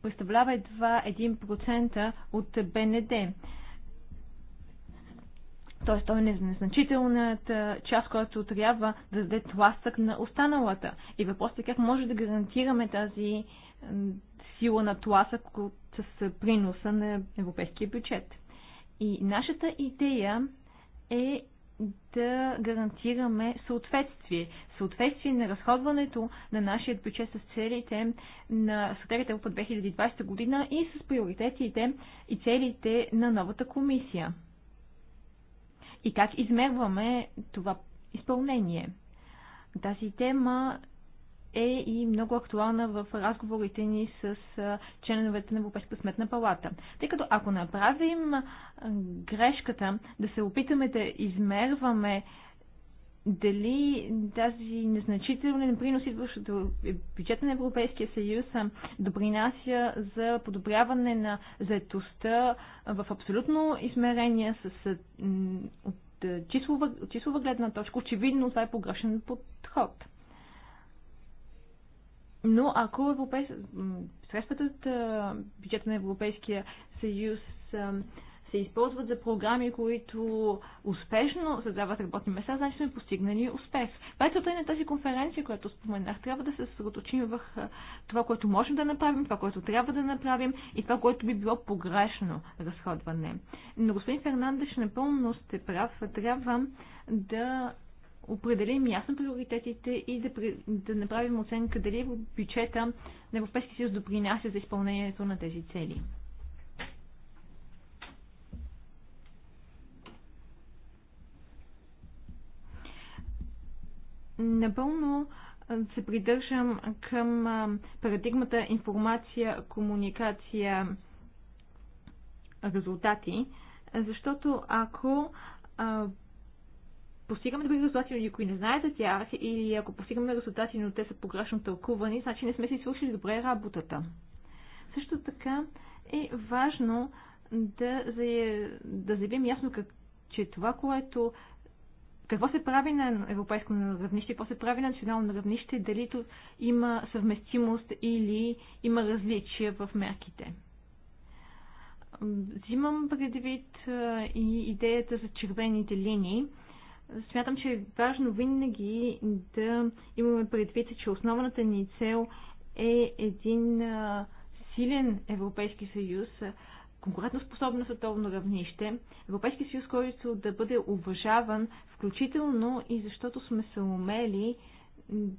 представлява едва 1% от БНД т.е. той е незначителната част, която трябва да даде тласък на останалата. И въпросът е как може да гарантираме тази сила на тласък с приноса на европейския бюджет. И нашата идея е да гарантираме съответствие. Съответствие на разходването на нашия бюджет с целите на стратегията по 2020 година и с приоритетите и целите на новата комисия и как измерваме това изпълнение. Тази тема е и много актуална в разговорите ни с членовете на Европейската сметна палата. Тъй като ако направим грешката да се опитаме да измерваме дали тази незначителен принос, идващ бюджета на Европейския съюз, допринася за подобряване на заетостта в абсолютно измерение с, от числова, числова гледна точка. Очевидно това е погрешен подход. Но ако европейс... средствата от бюджета на Европейския съюз се използват за програми, които успешно създават работни места, значи сме постигнали успех. Това е и на тази конференция, която споменах. Трябва да се съсредоточим в това, което можем да направим, това, което трябва да направим и това, което би било погрешно разходване. Но господин Фернандеш напълно сте прав. Трябва да определим ясно приоритетите и да, да направим оценка дали бюджета на Европейския съюз допринася за изпълнението на тези цели. Напълно се придържам към парадигмата информация, комуникация, резултати, защото ако постигаме добри резултати, но никой не знае за тях, или ако постигаме резултати, но те са погрешно тълкувани, значи не сме си свършили добре работата. Също така е важно да, да заявим ясно, как, че това, което какво се прави на европейско равнище, какво се прави на национално равнище, дали то има съвместимост или има различия в мерките. Взимам предвид и идеята за червените линии. Смятам, че е важно винаги да имаме предвид, че основната ни цел е един силен Европейски съюз, конкурентоспособно световно равнище, Европейски съюз, който да бъде уважаван, включително и защото сме се умели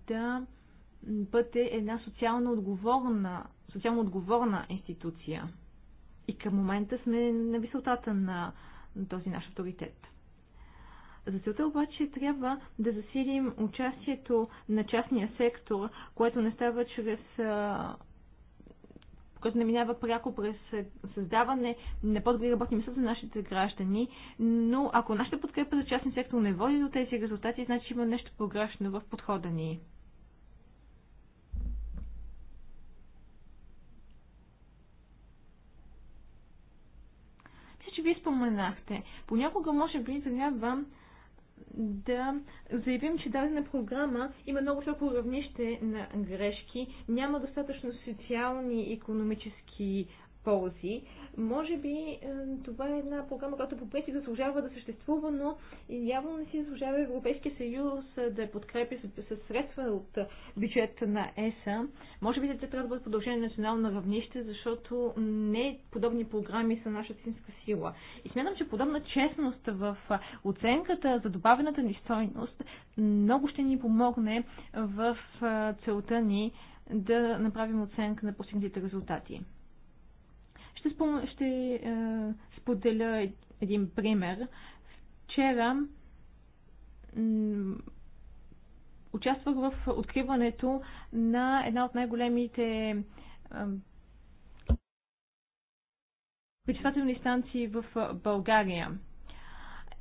да бъде една социално отговорна, социално отговорна институция. И към момента сме на висотата на този наш авторитет. За целта обаче трябва да засилим участието на частния сектор, което не става чрез която не минава пряко през създаване на по-добри работни места за нашите граждани, но ако нашата подкрепа за частния сектор не води до тези резултати, значи има нещо погрешно в подхода ни. Вие споменахте. Понякога може би трябва да заявим, че дадена програма има много високо равнище на грешки, няма достатъчно социални и економически ползи. Може би е, това е една програма, която по принцип заслужава да съществува, но явно не си заслужава Европейския съюз е, да я подкрепи с, средства от бюджета на ЕСА. Може би те трябва да бъдат продължени на национално равнище, защото не подобни програми са наша синска сила. И смятам, че подобна честност в оценката за добавената ни стойност много ще ни помогне в е, целта ни да направим оценка на постигнатите резултати. Ще, спом... ще е, споделя един пример. Вчера участвах в откриването на една от най-големите е, причетателни станции в е, България.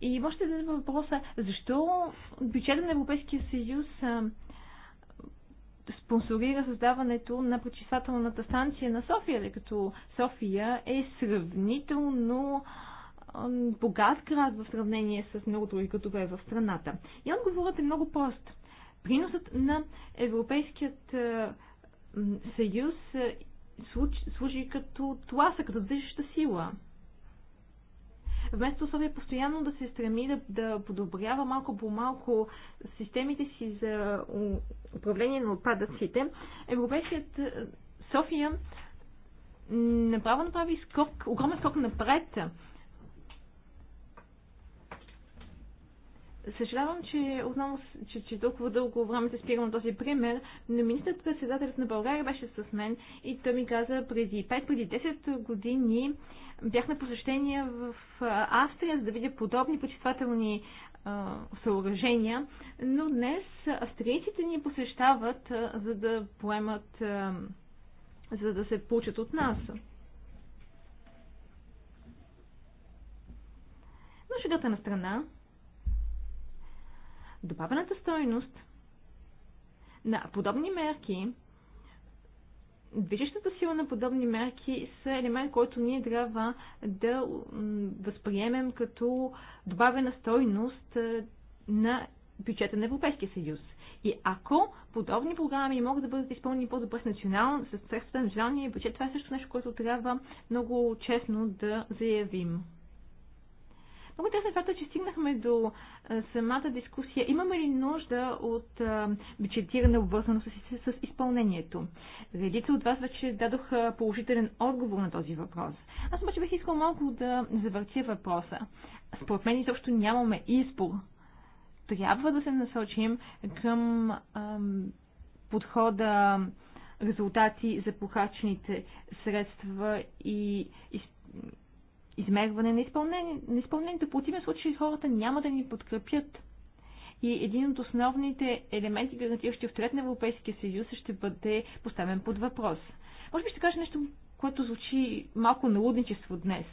И можете да зададете въпроса, е, защо бюджетът на Европейския съюз спонсорира създаването на пречиствателната станция на София, тъй като София е сравнително богат град в сравнение с много други градове в страната. И отговорът е много прост. Приносът на Европейският е, съюз е, служи като тласък, като движеща сила. Вместо София постоянно да се стреми да, да подобрява малко по малко системите си за управление на отпадъците, Европейският е, София направо направи скок, огромен скок напред. Съжалявам, че отново, че, че толкова дълго време се спирам на този пример, но министър-председателят на България беше с мен и той ми каза преди 5, преди 10 години бях на посещение в Австрия, за да видя подобни почиствателни съоръжения, но днес австрийците ни посещават, за да поемат, за да се получат от нас. Но шегата на страна, добавената стойност на подобни мерки движещата сила на подобни мерки са елемент, който ние трябва да възприемем като добавена стойност е, на бюджета на Европейския съюз. И ако подобни програми могат да бъдат изпълнени по-добре с, национал, с средствата на националния бюджет, това е също нещо, което трябва много честно да заявим. Много интересно е факта, че стигнахме до а, самата дискусия. Имаме ли нужда от бюджетиране, обвързано с, с, с изпълнението? Редица от вас вече дадоха положителен отговор на този въпрос. Аз обаче бих искал малко да завъртя въпроса. Според мен изобщо нямаме избор. Трябва да се насочим към ам, подхода резултати за похарчените средства и, и измерване на, изпълнение, на изпълнението. В противен случай хората няма да ни подкрепят. И един от основните елементи, гарантиращи авторитет на Европейския съюз, ще бъде поставен под въпрос. Може би ще кажа нещо, което звучи малко налудничество днес,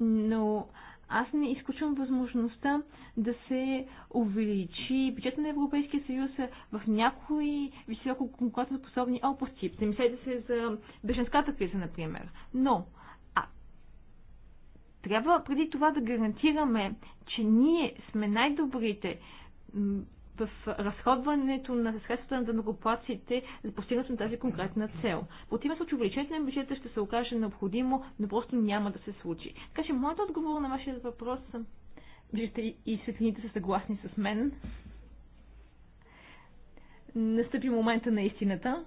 но аз не изключвам възможността да се увеличи бюджета на Европейския съюз в някои високо конкурентоспособни области. Не мислете се за беженската криза, например. Но трябва преди това да гарантираме, че ние сме най-добрите в разходването на средствата на данокоплаците за постигането на тази конкретна цел. В противен случай увеличението на бюджета ще се окаже необходимо, но просто няма да се случи. Така че моят отговор на вашия въпрос, виждате и светлините са съгласни с мен, настъпи момента на истината.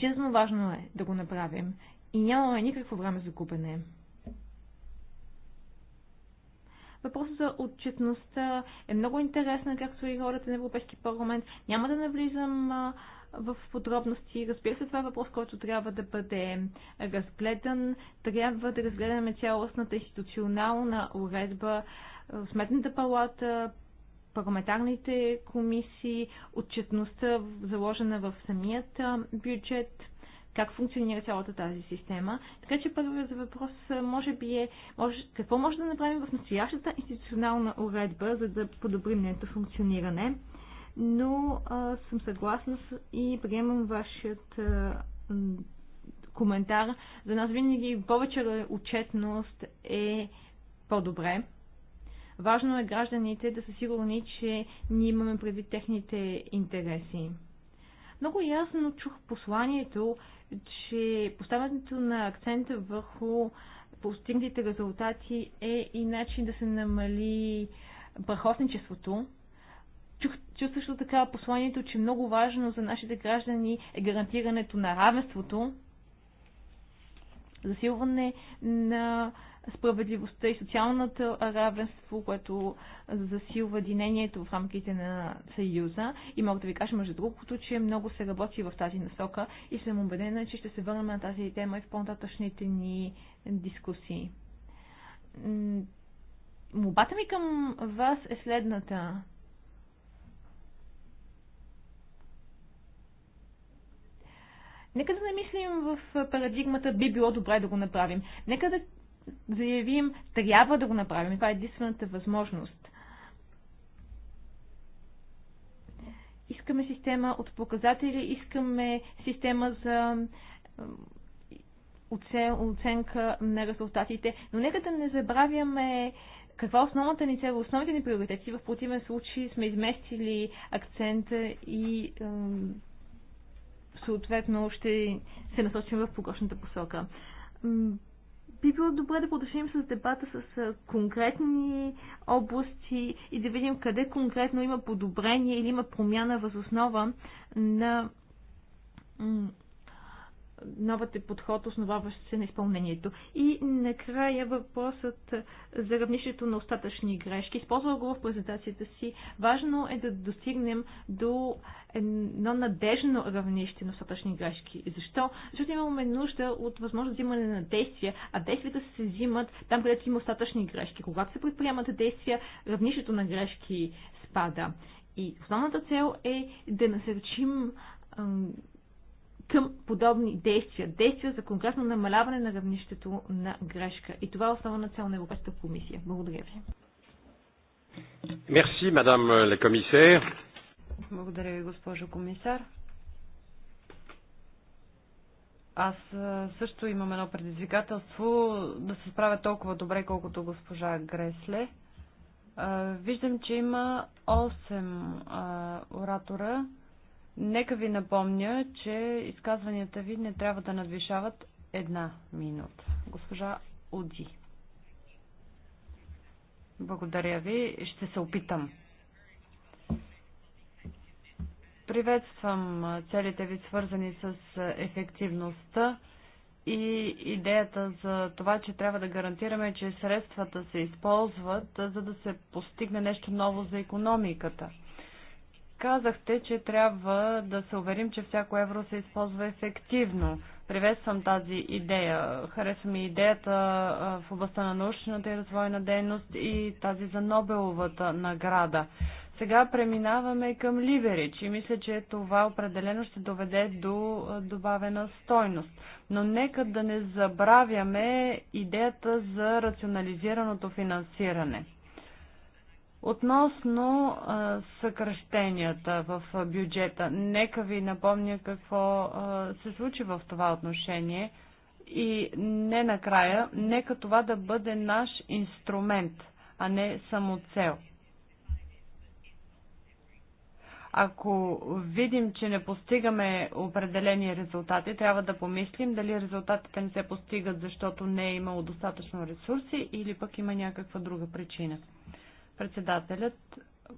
Жизненно важно е да го направим и нямаме никакво време за купене. Въпросът за отчетността е много интересна, както и ролята на Европейски парламент. Няма да навлизам в подробности. Разбира се, това е въпрос, който трябва да бъде разгледан. Трябва да разгледаме цялостната институционална уредба, Сметната палата, парламентарните комисии, отчетността заложена в самият бюджет, как функционира цялата тази система. Така че първият въпрос може би е може, какво може да направим в настоящата институционална уредба, за да подобрим нето функциониране. Но а, съм съгласна с, и приемам вашият а, коментар. За нас винаги повече отчетност е по-добре. Важно е гражданите да са сигурни, че ние имаме предвид техните интереси. Много ясно чух посланието, че поставянето на акцента върху постигнатите резултати е и начин да се намали прахосничеството. Чух, чух също така посланието, че много важно за нашите граждани е гарантирането на равенството, засилване на справедливостта и социалното равенство, което засилва единението в рамките на Съюза. И мога да ви кажа, между другото, че много се работи в тази насока и съм убедена, че ще се върнем на тази тема и в по-нататъчните ни дискусии. Мобата ми към вас е следната. Нека да не мислим в парадигмата би било добре да го направим. Нека да заявим, трябва да го направим. Това е единствената възможност. Искаме система от показатели, искаме система за оценка на резултатите, но нека да не забравяме каква е основната ни цел, основните ни приоритети. В противен случай сме изместили акцента и съответно ще се насочим в погрешната посока би било добре да продължим с дебата с конкретни области и да видим къде конкретно има подобрение или има промяна възоснова на новът е подход, основаващ се на изпълнението. И накрая въпросът за равнището на остатъчни грешки. Използвах го в презентацията си. Важно е да достигнем до едно надежно равнище на остатъчни грешки. Защо? Защото имаме нужда от възможност да взимане на действия, а действията се взимат там, където има остатъчни грешки. Когато се предприемат действия, равнището на грешки спада. И основната цел е да насърчим към подобни действия. Действия за конкретно намаляване на равнището на грешка. И това е основна цел на Европейската комисия. Благодаря ви. Мерси, мадам ле комисар. Благодаря ви, госпожо комисар. Аз също имам едно предизвикателство да се справя толкова добре, колкото госпожа Гресле. Виждам, че има 8 оратора. Нека ви напомня, че изказванията ви не трябва да надвишават една минута. Госпожа Уди. Благодаря ви. Ще се опитам. Приветствам целите ви свързани с ефективността и идеята за това, че трябва да гарантираме, че средствата се използват, за да се постигне нещо ново за економиката – Казахте, че трябва да се уверим, че всяко евро се използва ефективно. Приветствам тази идея. Харесва ми идеята в областта на научната и развойна дейност и тази за Нобеловата награда. Сега преминаваме към ливерич и мисля, че това определено ще доведе до добавена стойност. Но нека да не забравяме идеята за рационализираното финансиране – Относно а, съкръщенията в бюджета, нека ви напомня какво а, се случи в това отношение и не накрая, нека това да бъде наш инструмент, а не само цел. Ако видим, че не постигаме определени резултати, трябва да помислим дали резултатите не се постигат, защото не е имало достатъчно ресурси или пък има някаква друга причина. Председателят,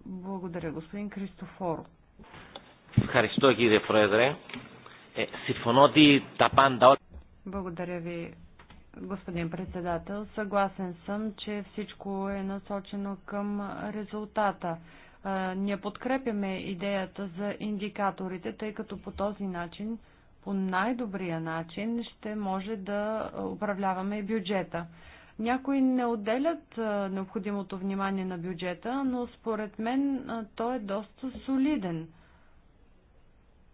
благодаря господин Кристофоро. Харисто, κύριε проедре. Сифоноди συμφωνώ Благодаря ви, господин председател. Съгласен съм, че всичко е насочено към резултата. Ние подкрепяме идеята за индикаторите, тъй като по този начин, по най-добрия начин, ще може да управляваме бюджета. Някои не отделят необходимото внимание на бюджета, но според мен той е доста солиден.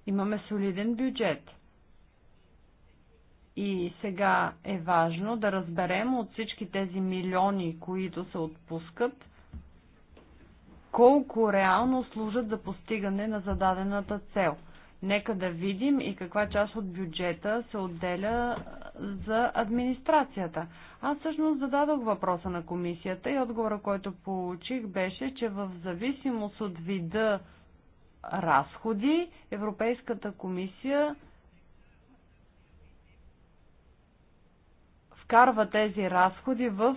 Имаме солиден бюджет. И сега е важно да разберем от всички тези милиони, които се отпускат, колко реално служат за постигане на зададената цел. Нека да видим и каква част от бюджета се отделя за администрацията. Аз всъщност зададох въпроса на комисията и отговора, който получих беше, че в зависимост от вида разходи, Европейската комисия вкарва тези разходи в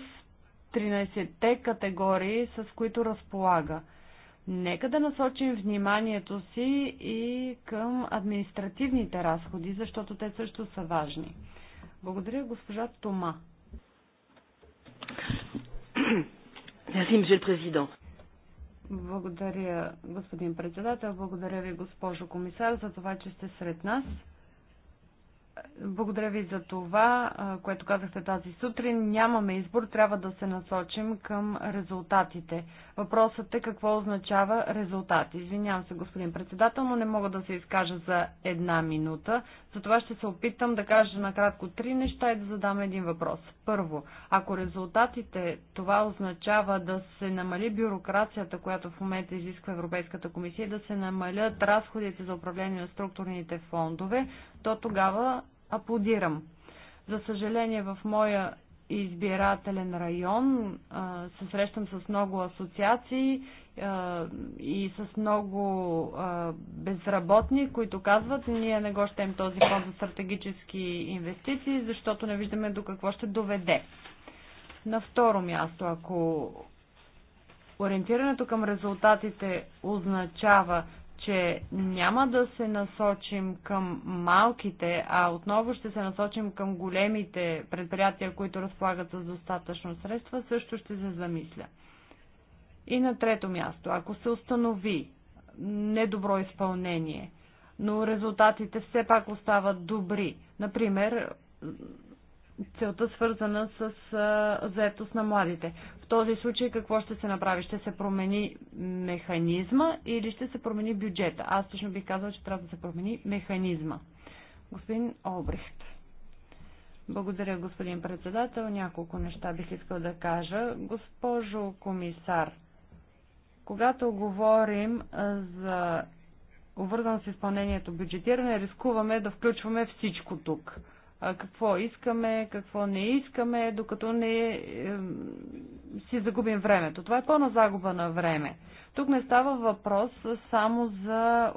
13-те категории, с които разполага. Нека да насочим вниманието си и към административните разходи, защото те също са важни. Благодаря, госпожа Тома. Благодаря, господин председател. Благодаря ви, госпожо комисар, за това, че сте сред нас. Благодаря ви за това, което казахте тази сутрин. Нямаме избор, трябва да се насочим към резултатите. Въпросът е какво означава резултат. Извинявам се, господин председател, но не мога да се изкажа за една минута. Затова ще се опитам да кажа накратко три неща и да задам един въпрос. Първо, ако резултатите, това означава да се намали бюрокрацията, която в момента изисква Европейската комисия, да се намалят разходите за управление на структурните фондове, то тогава аплодирам. За съжаление, в моя избирателен район се срещам с много асоциации и с много безработни, които казват, ние не го щем този фонд за стратегически инвестиции, защото не виждаме до какво ще доведе. На второ място, ако ориентирането към резултатите означава, че няма да се насочим към малките, а отново ще се насочим към големите предприятия, които разполагат с достатъчно средства, също ще се замисля. И на трето място, ако се установи недобро изпълнение, но резултатите все пак остават добри, например, целта свързана с заетост на младите. В този случай какво ще се направи? Ще се промени механизма или ще се промени бюджета? Аз точно бих казала, че трябва да се промени механизма. Господин Обрехт. Благодаря, господин председател. Няколко неща бих искал да кажа. Госпожо комисар, когато говорим за обвързано с изпълнението бюджетиране, рискуваме да включваме всичко тук какво искаме, какво не искаме, докато не е, си загубим времето. Това е пълна загуба на време. Тук не става въпрос само за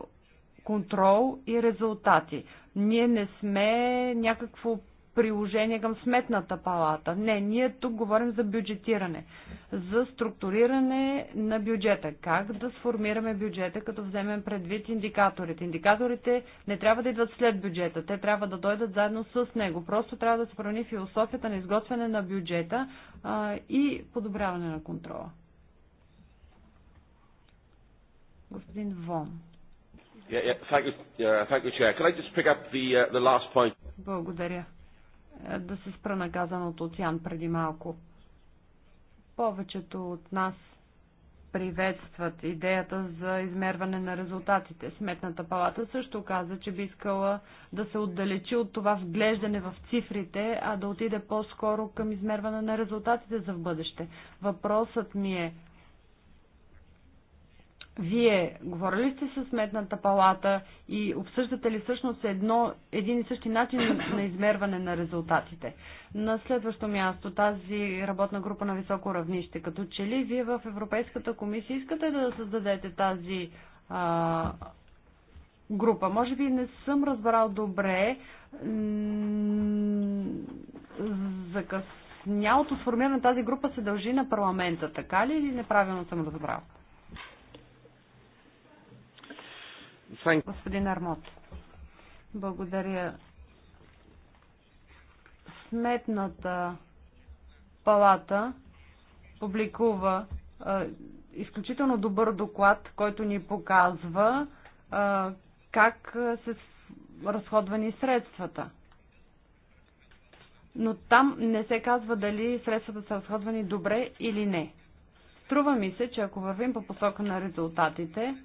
контрол и резултати. Ние не сме някакво приложение към сметната палата. Не, ние тук говорим за бюджетиране, за структуриране на бюджета. Как да сформираме бюджета, като вземем предвид индикаторите. Индикаторите не трябва да идват след бюджета, те трябва да дойдат заедно с него. Просто трябва да се промени философията на изготвяне на бюджета а, и подобряване на контрола. Господин Вон. Yeah, yeah, yeah, uh, Благодаря. Е, да се спра на газаното от Ян преди малко. Повечето от нас приветстват идеята за измерване на резултатите. Сметната палата също каза, че би искала да се отдалечи от това вглеждане в цифрите, а да отиде по-скоро към измерване на резултатите за в бъдеще. Въпросът ми е, вие говорили сте с Сметната палата и обсъждате ли всъщност едно, един и същи начин на измерване на резултатите? На следващо място, тази работна група на високо равнище, като че ли вие в Европейската комисия искате да създадете тази а, група? Може би не съм разбрал добре за Нялото сформиране на тази група се дължи на парламента, така ли или неправилно съм разбрал? Господин Армот, благодаря. Сметната палата публикува а, изключително добър доклад, който ни показва а, как се разходвани средствата. Но там не се казва дали средствата са разходвани добре или не. Струва ми се, че ако вървим по посока на резултатите,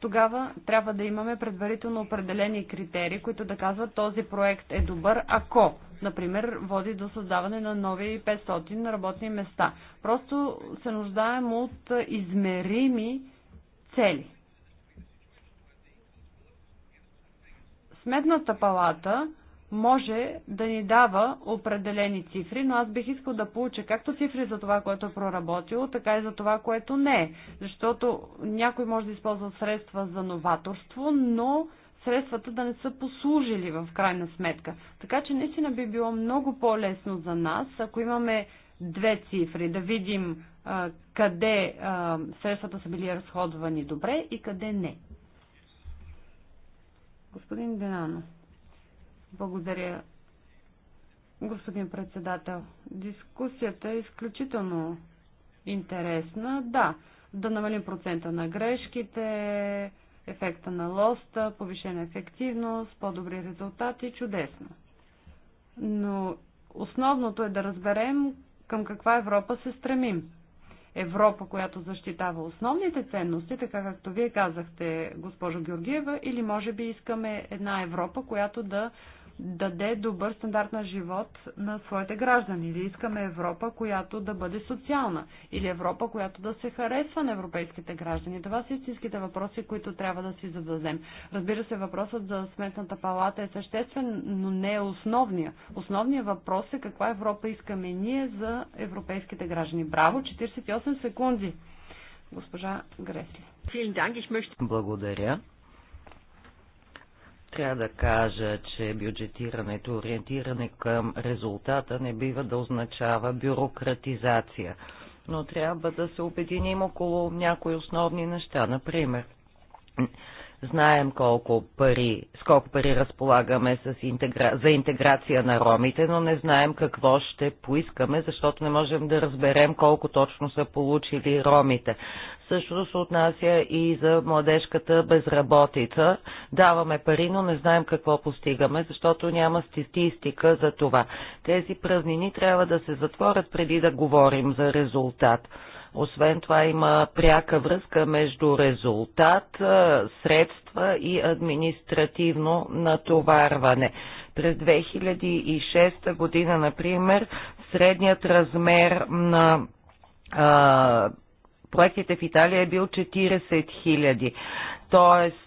тогава трябва да имаме предварително определени критерии, които да казват този проект е добър, ако, например, води до създаване на нови 500 работни места. Просто се нуждаем от измерими цели. Сметната палата може да ни дава определени цифри, но аз бих искал да получа както цифри за това, което е проработило, така и за това, което не е. Защото някой може да използва средства за новаторство, но средствата да не са послужили в крайна сметка. Така че наистина би било много по-лесно за нас, ако имаме две цифри, да видим а, къде а, средствата са били разходвани добре и къде не. Господин Денано. Благодаря, господин председател. Дискусията е изключително интересна. Да, да намалим процента на грешките, ефекта на лоста, повишена ефективност, по-добри резултати, чудесно. Но основното е да разберем към каква Европа се стремим. Европа, която защитава основните ценности, така както вие казахте, госпожо Георгиева, или може би искаме една Европа, която да даде добър стандарт на живот на своите граждани. Или искаме Европа, която да бъде социална. Или Европа, която да се харесва на европейските граждани. Това са истинските въпроси, които трябва да си зададем. Разбира се, въпросът за сметната палата е съществен, но не е основния. Основният въпрос е каква Европа искаме ние за европейските граждани. Браво, 48 секунди. Госпожа Гресли. Благодаря. Трябва да кажа, че бюджетирането, ориентиране към резултата не бива да означава бюрократизация. Но трябва да се обединим около някои основни неща. Например, Знаем колко пари, с колко пари разполагаме с интегра... за интеграция на ромите, но не знаем какво ще поискаме, защото не можем да разберем колко точно са получили ромите. Също се отнася и за младежката безработица. Даваме пари, но не знаем какво постигаме, защото няма статистика за това. Тези празнини трябва да се затворят преди да говорим за резултат. Освен това има пряка връзка между резултат, средства и административно натоварване. През 2006 година, например, средният размер на а, проектите в Италия е бил 40 000, Тоест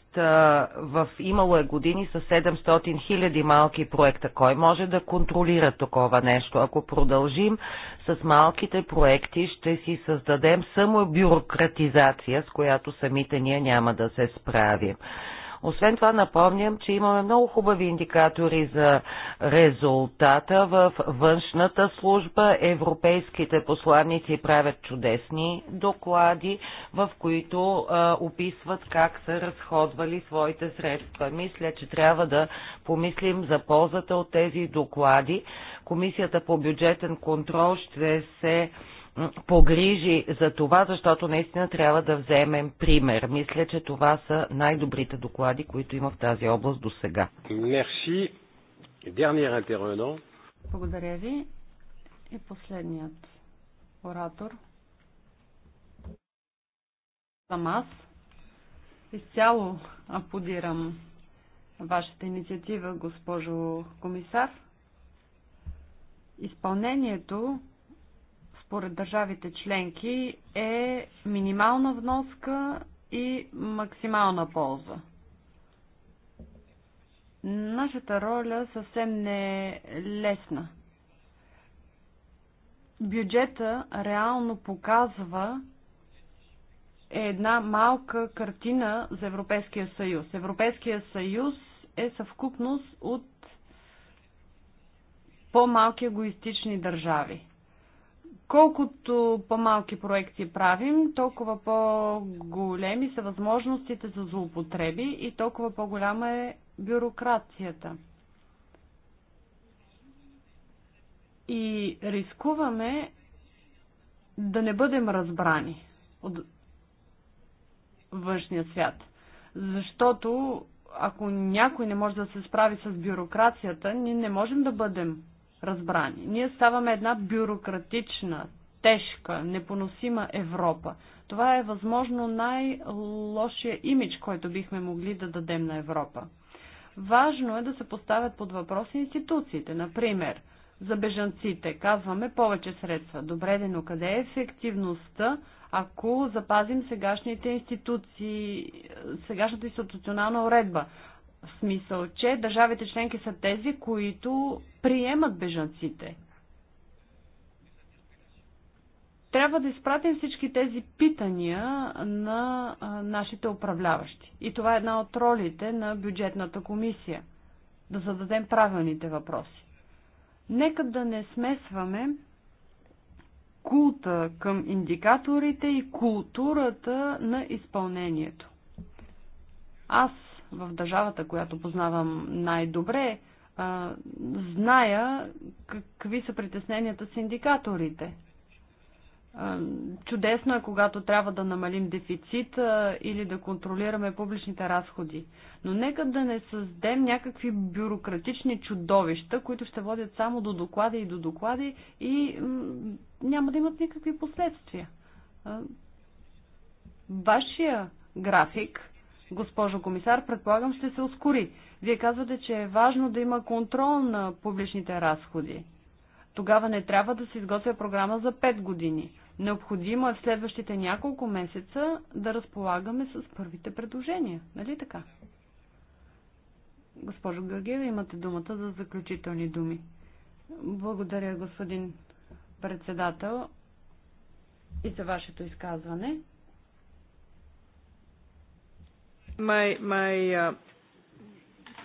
в имало е години с 700 хиляди малки проекта. Кой може да контролира такова нещо? Ако продължим с малките проекти, ще си създадем само бюрократизация, с която самите ние няма да се справим. Освен това напомням, че имаме много хубави индикатори за резултата в външната служба. Европейските посланници правят чудесни доклади, в които а, описват как са разходвали своите средства. Мисля, че трябва да помислим за ползата от тези доклади. Комисията по бюджетен контрол ще се погрижи за това, защото наистина трябва да вземем пример. Мисля, че това са най-добрите доклади, които има в тази област до сега. Благодаря ви. И последният оратор. Съм аз. Изцяло аплодирам вашата инициатива, госпожо комисар. Изпълнението според държавите членки е минимална вноска и максимална полза. Нашата роля съвсем не е лесна. Бюджета реално показва е една малка картина за Европейския съюз. Европейския съюз е съвкупност от по-малки егоистични държави. Колкото по-малки проекти правим, толкова по-големи са възможностите за злоупотреби и толкова по-голяма е бюрокрацията. И рискуваме да не бъдем разбрани от външния свят. Защото ако някой не може да се справи с бюрокрацията, ние не можем да бъдем разбрани. Ние ставаме една бюрократична, тежка, непоносима Европа. Това е възможно най-лошия имидж, който бихме могли да дадем на Европа. Важно е да се поставят под въпрос институциите. Например, за бежанците казваме повече средства. Добре, де, но къде е ефективността, ако запазим сегашните институции, сегашната институционална уредба? смисъл, че държавите членки са тези, които приемат бежанците. Трябва да изпратим всички тези питания на нашите управляващи. И това е една от ролите на бюджетната комисия. Да зададем правилните въпроси. Нека да не смесваме култа към индикаторите и културата на изпълнението. Аз в държавата, която познавам най-добре, зная какви са притесненията синдикаторите. Чудесно е, когато трябва да намалим дефицит или да контролираме публичните разходи. Но нека да не създадем някакви бюрократични чудовища, които ще водят само до доклади и до доклади и няма да имат никакви последствия. Вашия график Госпожо комисар, предполагам ще се ускори. Вие казвате, че е важно да има контрол на публичните разходи. Тогава не трябва да се изготвя програма за 5 години. Необходимо е в следващите няколко месеца да разполагаме с първите предложения. Нали така? Госпожо Георгиева, имате думата за заключителни думи. Благодаря, господин председател, и за вашето изказване. My, my uh,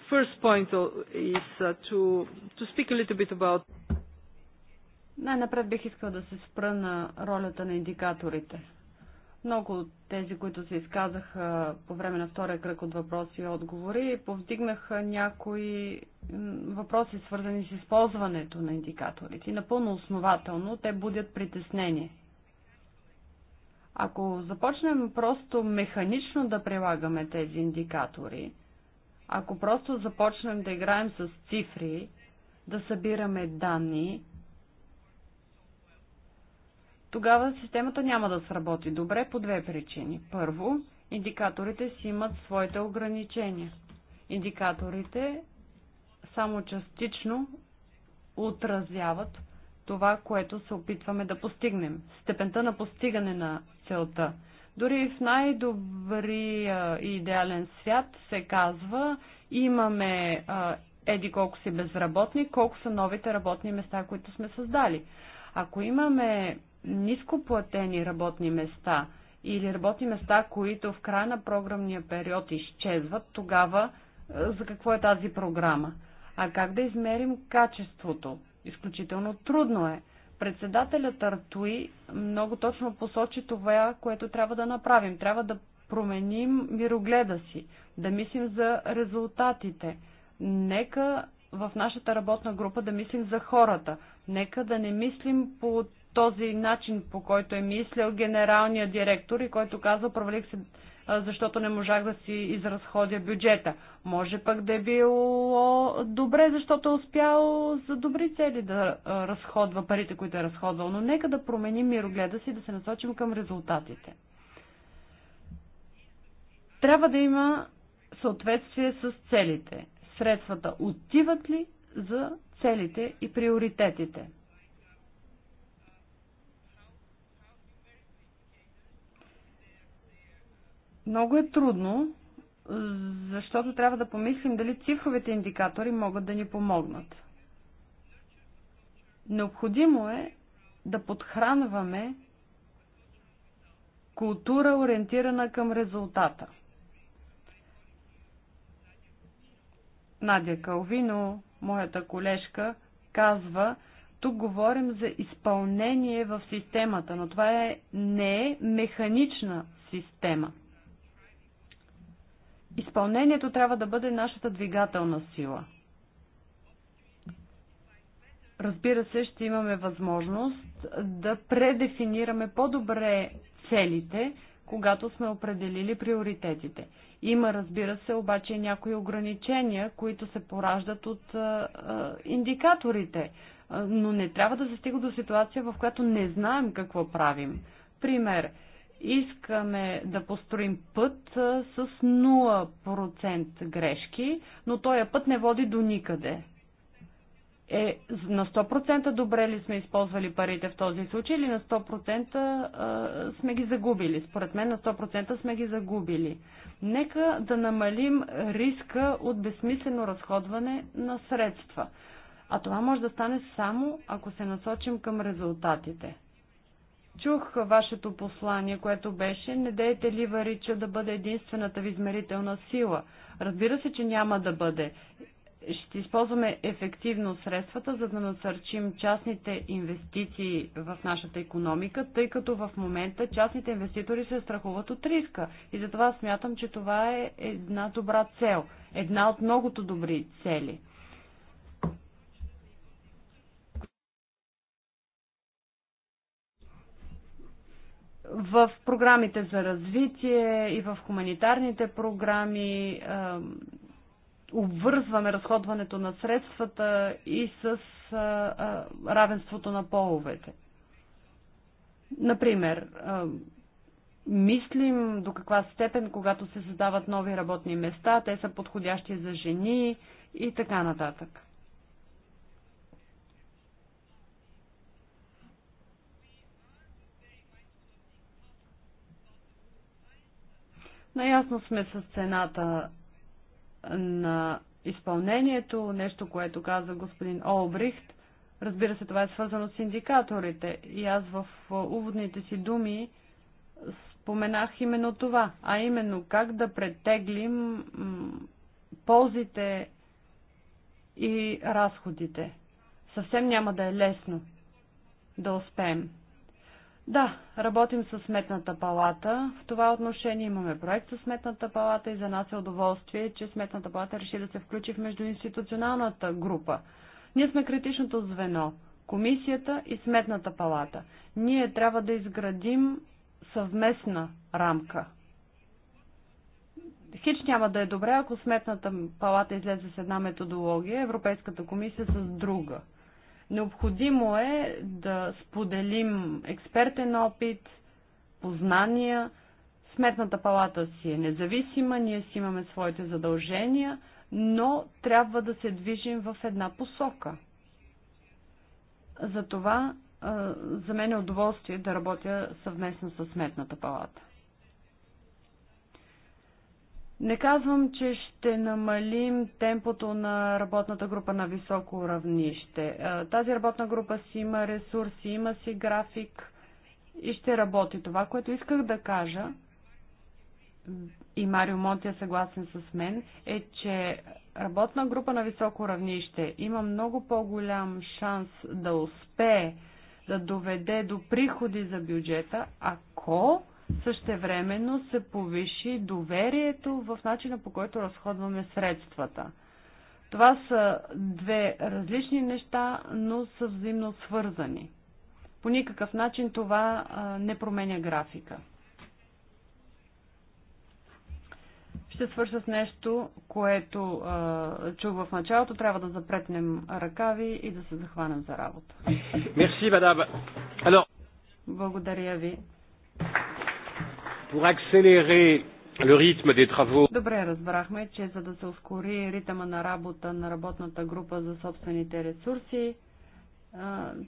first point uh, is uh, to, to speak a little bit about най-напред бих искал да се спра на ролята на индикаторите. Много от тези, които се изказаха по време на втория кръг от въпроси и отговори, повдигнаха някои въпроси, свързани с използването на индикаторите. И напълно основателно те будят притеснение. Ако започнем просто механично да прилагаме тези индикатори, ако просто започнем да играем с цифри, да събираме данни, тогава системата няма да сработи добре по две причини. Първо, индикаторите си имат своите ограничения. Индикаторите само частично отразяват това, което се опитваме да постигнем. Степента на постигане на целта. Дори в най-добрия и идеален свят се казва, имаме а, еди колко си безработни, колко са новите работни места, които сме създали. Ако имаме нископлатени работни места или работни места, които в края на програмния период изчезват, тогава за какво е тази програма? А как да измерим качеството? Изключително трудно е. Председателят Артуи много точно посочи това, което трябва да направим. Трябва да променим мирогледа си, да мислим за резултатите. Нека в нашата работна група да мислим за хората. Нека да не мислим по този начин, по който е мислял генералният директор и който казва, провалих се защото не можах да си изразходя бюджета. Може пък да е било добре, защото е успял за добри цели да разходва парите, които е разходвал. Но нека да променим мирогледа си, и да се насочим към резултатите. Трябва да има съответствие с целите. Средствата отиват ли за целите и приоритетите? Много е трудно, защото трябва да помислим дали цифровите индикатори могат да ни помогнат. Необходимо е да подхранваме култура, ориентирана към резултата. Надя Калвино, моята колежка, казва, тук говорим за изпълнение в системата, но това е, не е механична система изпълнението трябва да бъде нашата двигателна сила. Разбира се, ще имаме възможност да предефинираме по-добре целите, когато сме определили приоритетите. Има, разбира се, обаче някои ограничения, които се пораждат от а, а, индикаторите, а, но не трябва да се стига до ситуация, в която не знаем какво правим. Пример – искаме да построим път с 0% грешки, но този е път не води до никъде. Е, на 100% добре ли сме използвали парите в този случай или на 100% сме ги загубили? Според мен на 100% сме ги загубили. Нека да намалим риска от безсмислено разходване на средства. А това може да стане само ако се насочим към резултатите. Чух вашето послание, което беше не дейте ли варича да бъде единствената ви измерителна сила. Разбира се, че няма да бъде. Ще използваме ефективно средствата, за да насърчим частните инвестиции в нашата економика, тъй като в момента частните инвеститори се страхуват от риска. И затова смятам, че това е една добра цел. Една от многото добри цели – в програмите за развитие и в хуманитарните програми обвързваме разходването на средствата и с равенството на половете. Например, мислим до каква степен, когато се създават нови работни места, те са подходящи за жени и така нататък. Наясно сме с цената на изпълнението, нещо, което каза господин Олбрихт. Разбира се, това е свързано с индикаторите. И аз в уводните си думи споменах именно това, а именно как да претеглим ползите и разходите. Съвсем няма да е лесно да успеем. Да, работим с Сметната палата. В това отношение имаме проект с Сметната палата и за нас е удоволствие, че Сметната палата реши да се включи в междуинституционалната група. Ние сме критичното звено комисията и сметната палата. Ние трябва да изградим съвместна рамка. Хич няма да е добре, ако сметната палата излезе с една методология, Европейската комисия с друга. Необходимо е да споделим експертен опит, познания. Сметната палата си е независима, ние си имаме своите задължения, но трябва да се движим в една посока. Затова за мен е удоволствие да работя съвместно с Сметната палата. Не казвам, че ще намалим темпото на работната група на високо равнище. Е, тази работна група си има ресурси, има си график и ще работи. Това, което исках да кажа, и Марио Монти е съгласен с мен, е, че работна група на високо равнище има много по-голям шанс да успее да доведе до приходи за бюджета, ако Същевременно се повиши доверието в начина по който разходваме средствата. Това са две различни неща, но са взаимно свързани. По никакъв начин това не променя графика. Ще свърша с нещо, което а, чух в началото. Трябва да запретнем ръкави и да се захванем за работа. Мерси, мадам. Благодаря ви. Добре, разбрахме, че за да се ускори ритъма на работа на работната група за собствените ресурси,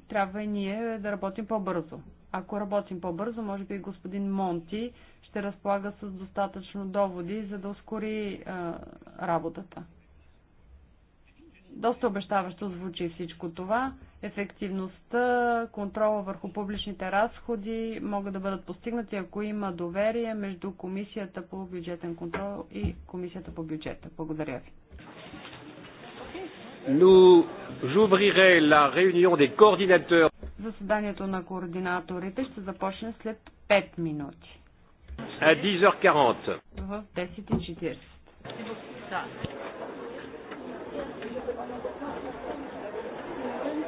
трябва и ние да работим по-бързо. Ако работим по-бързо, може би господин Монти ще разполага с достатъчно доводи, за да ускори работата. Доста обещаващо звучи всичко това ефективността, контрола върху публичните разходи могат да бъдат постигнати, ако има доверие между Комисията по бюджетен контрол и Комисията по бюджета. Благодаря ви. Заседанието на координаторите ще започне след 5 минути. À 10h40. В 10.40.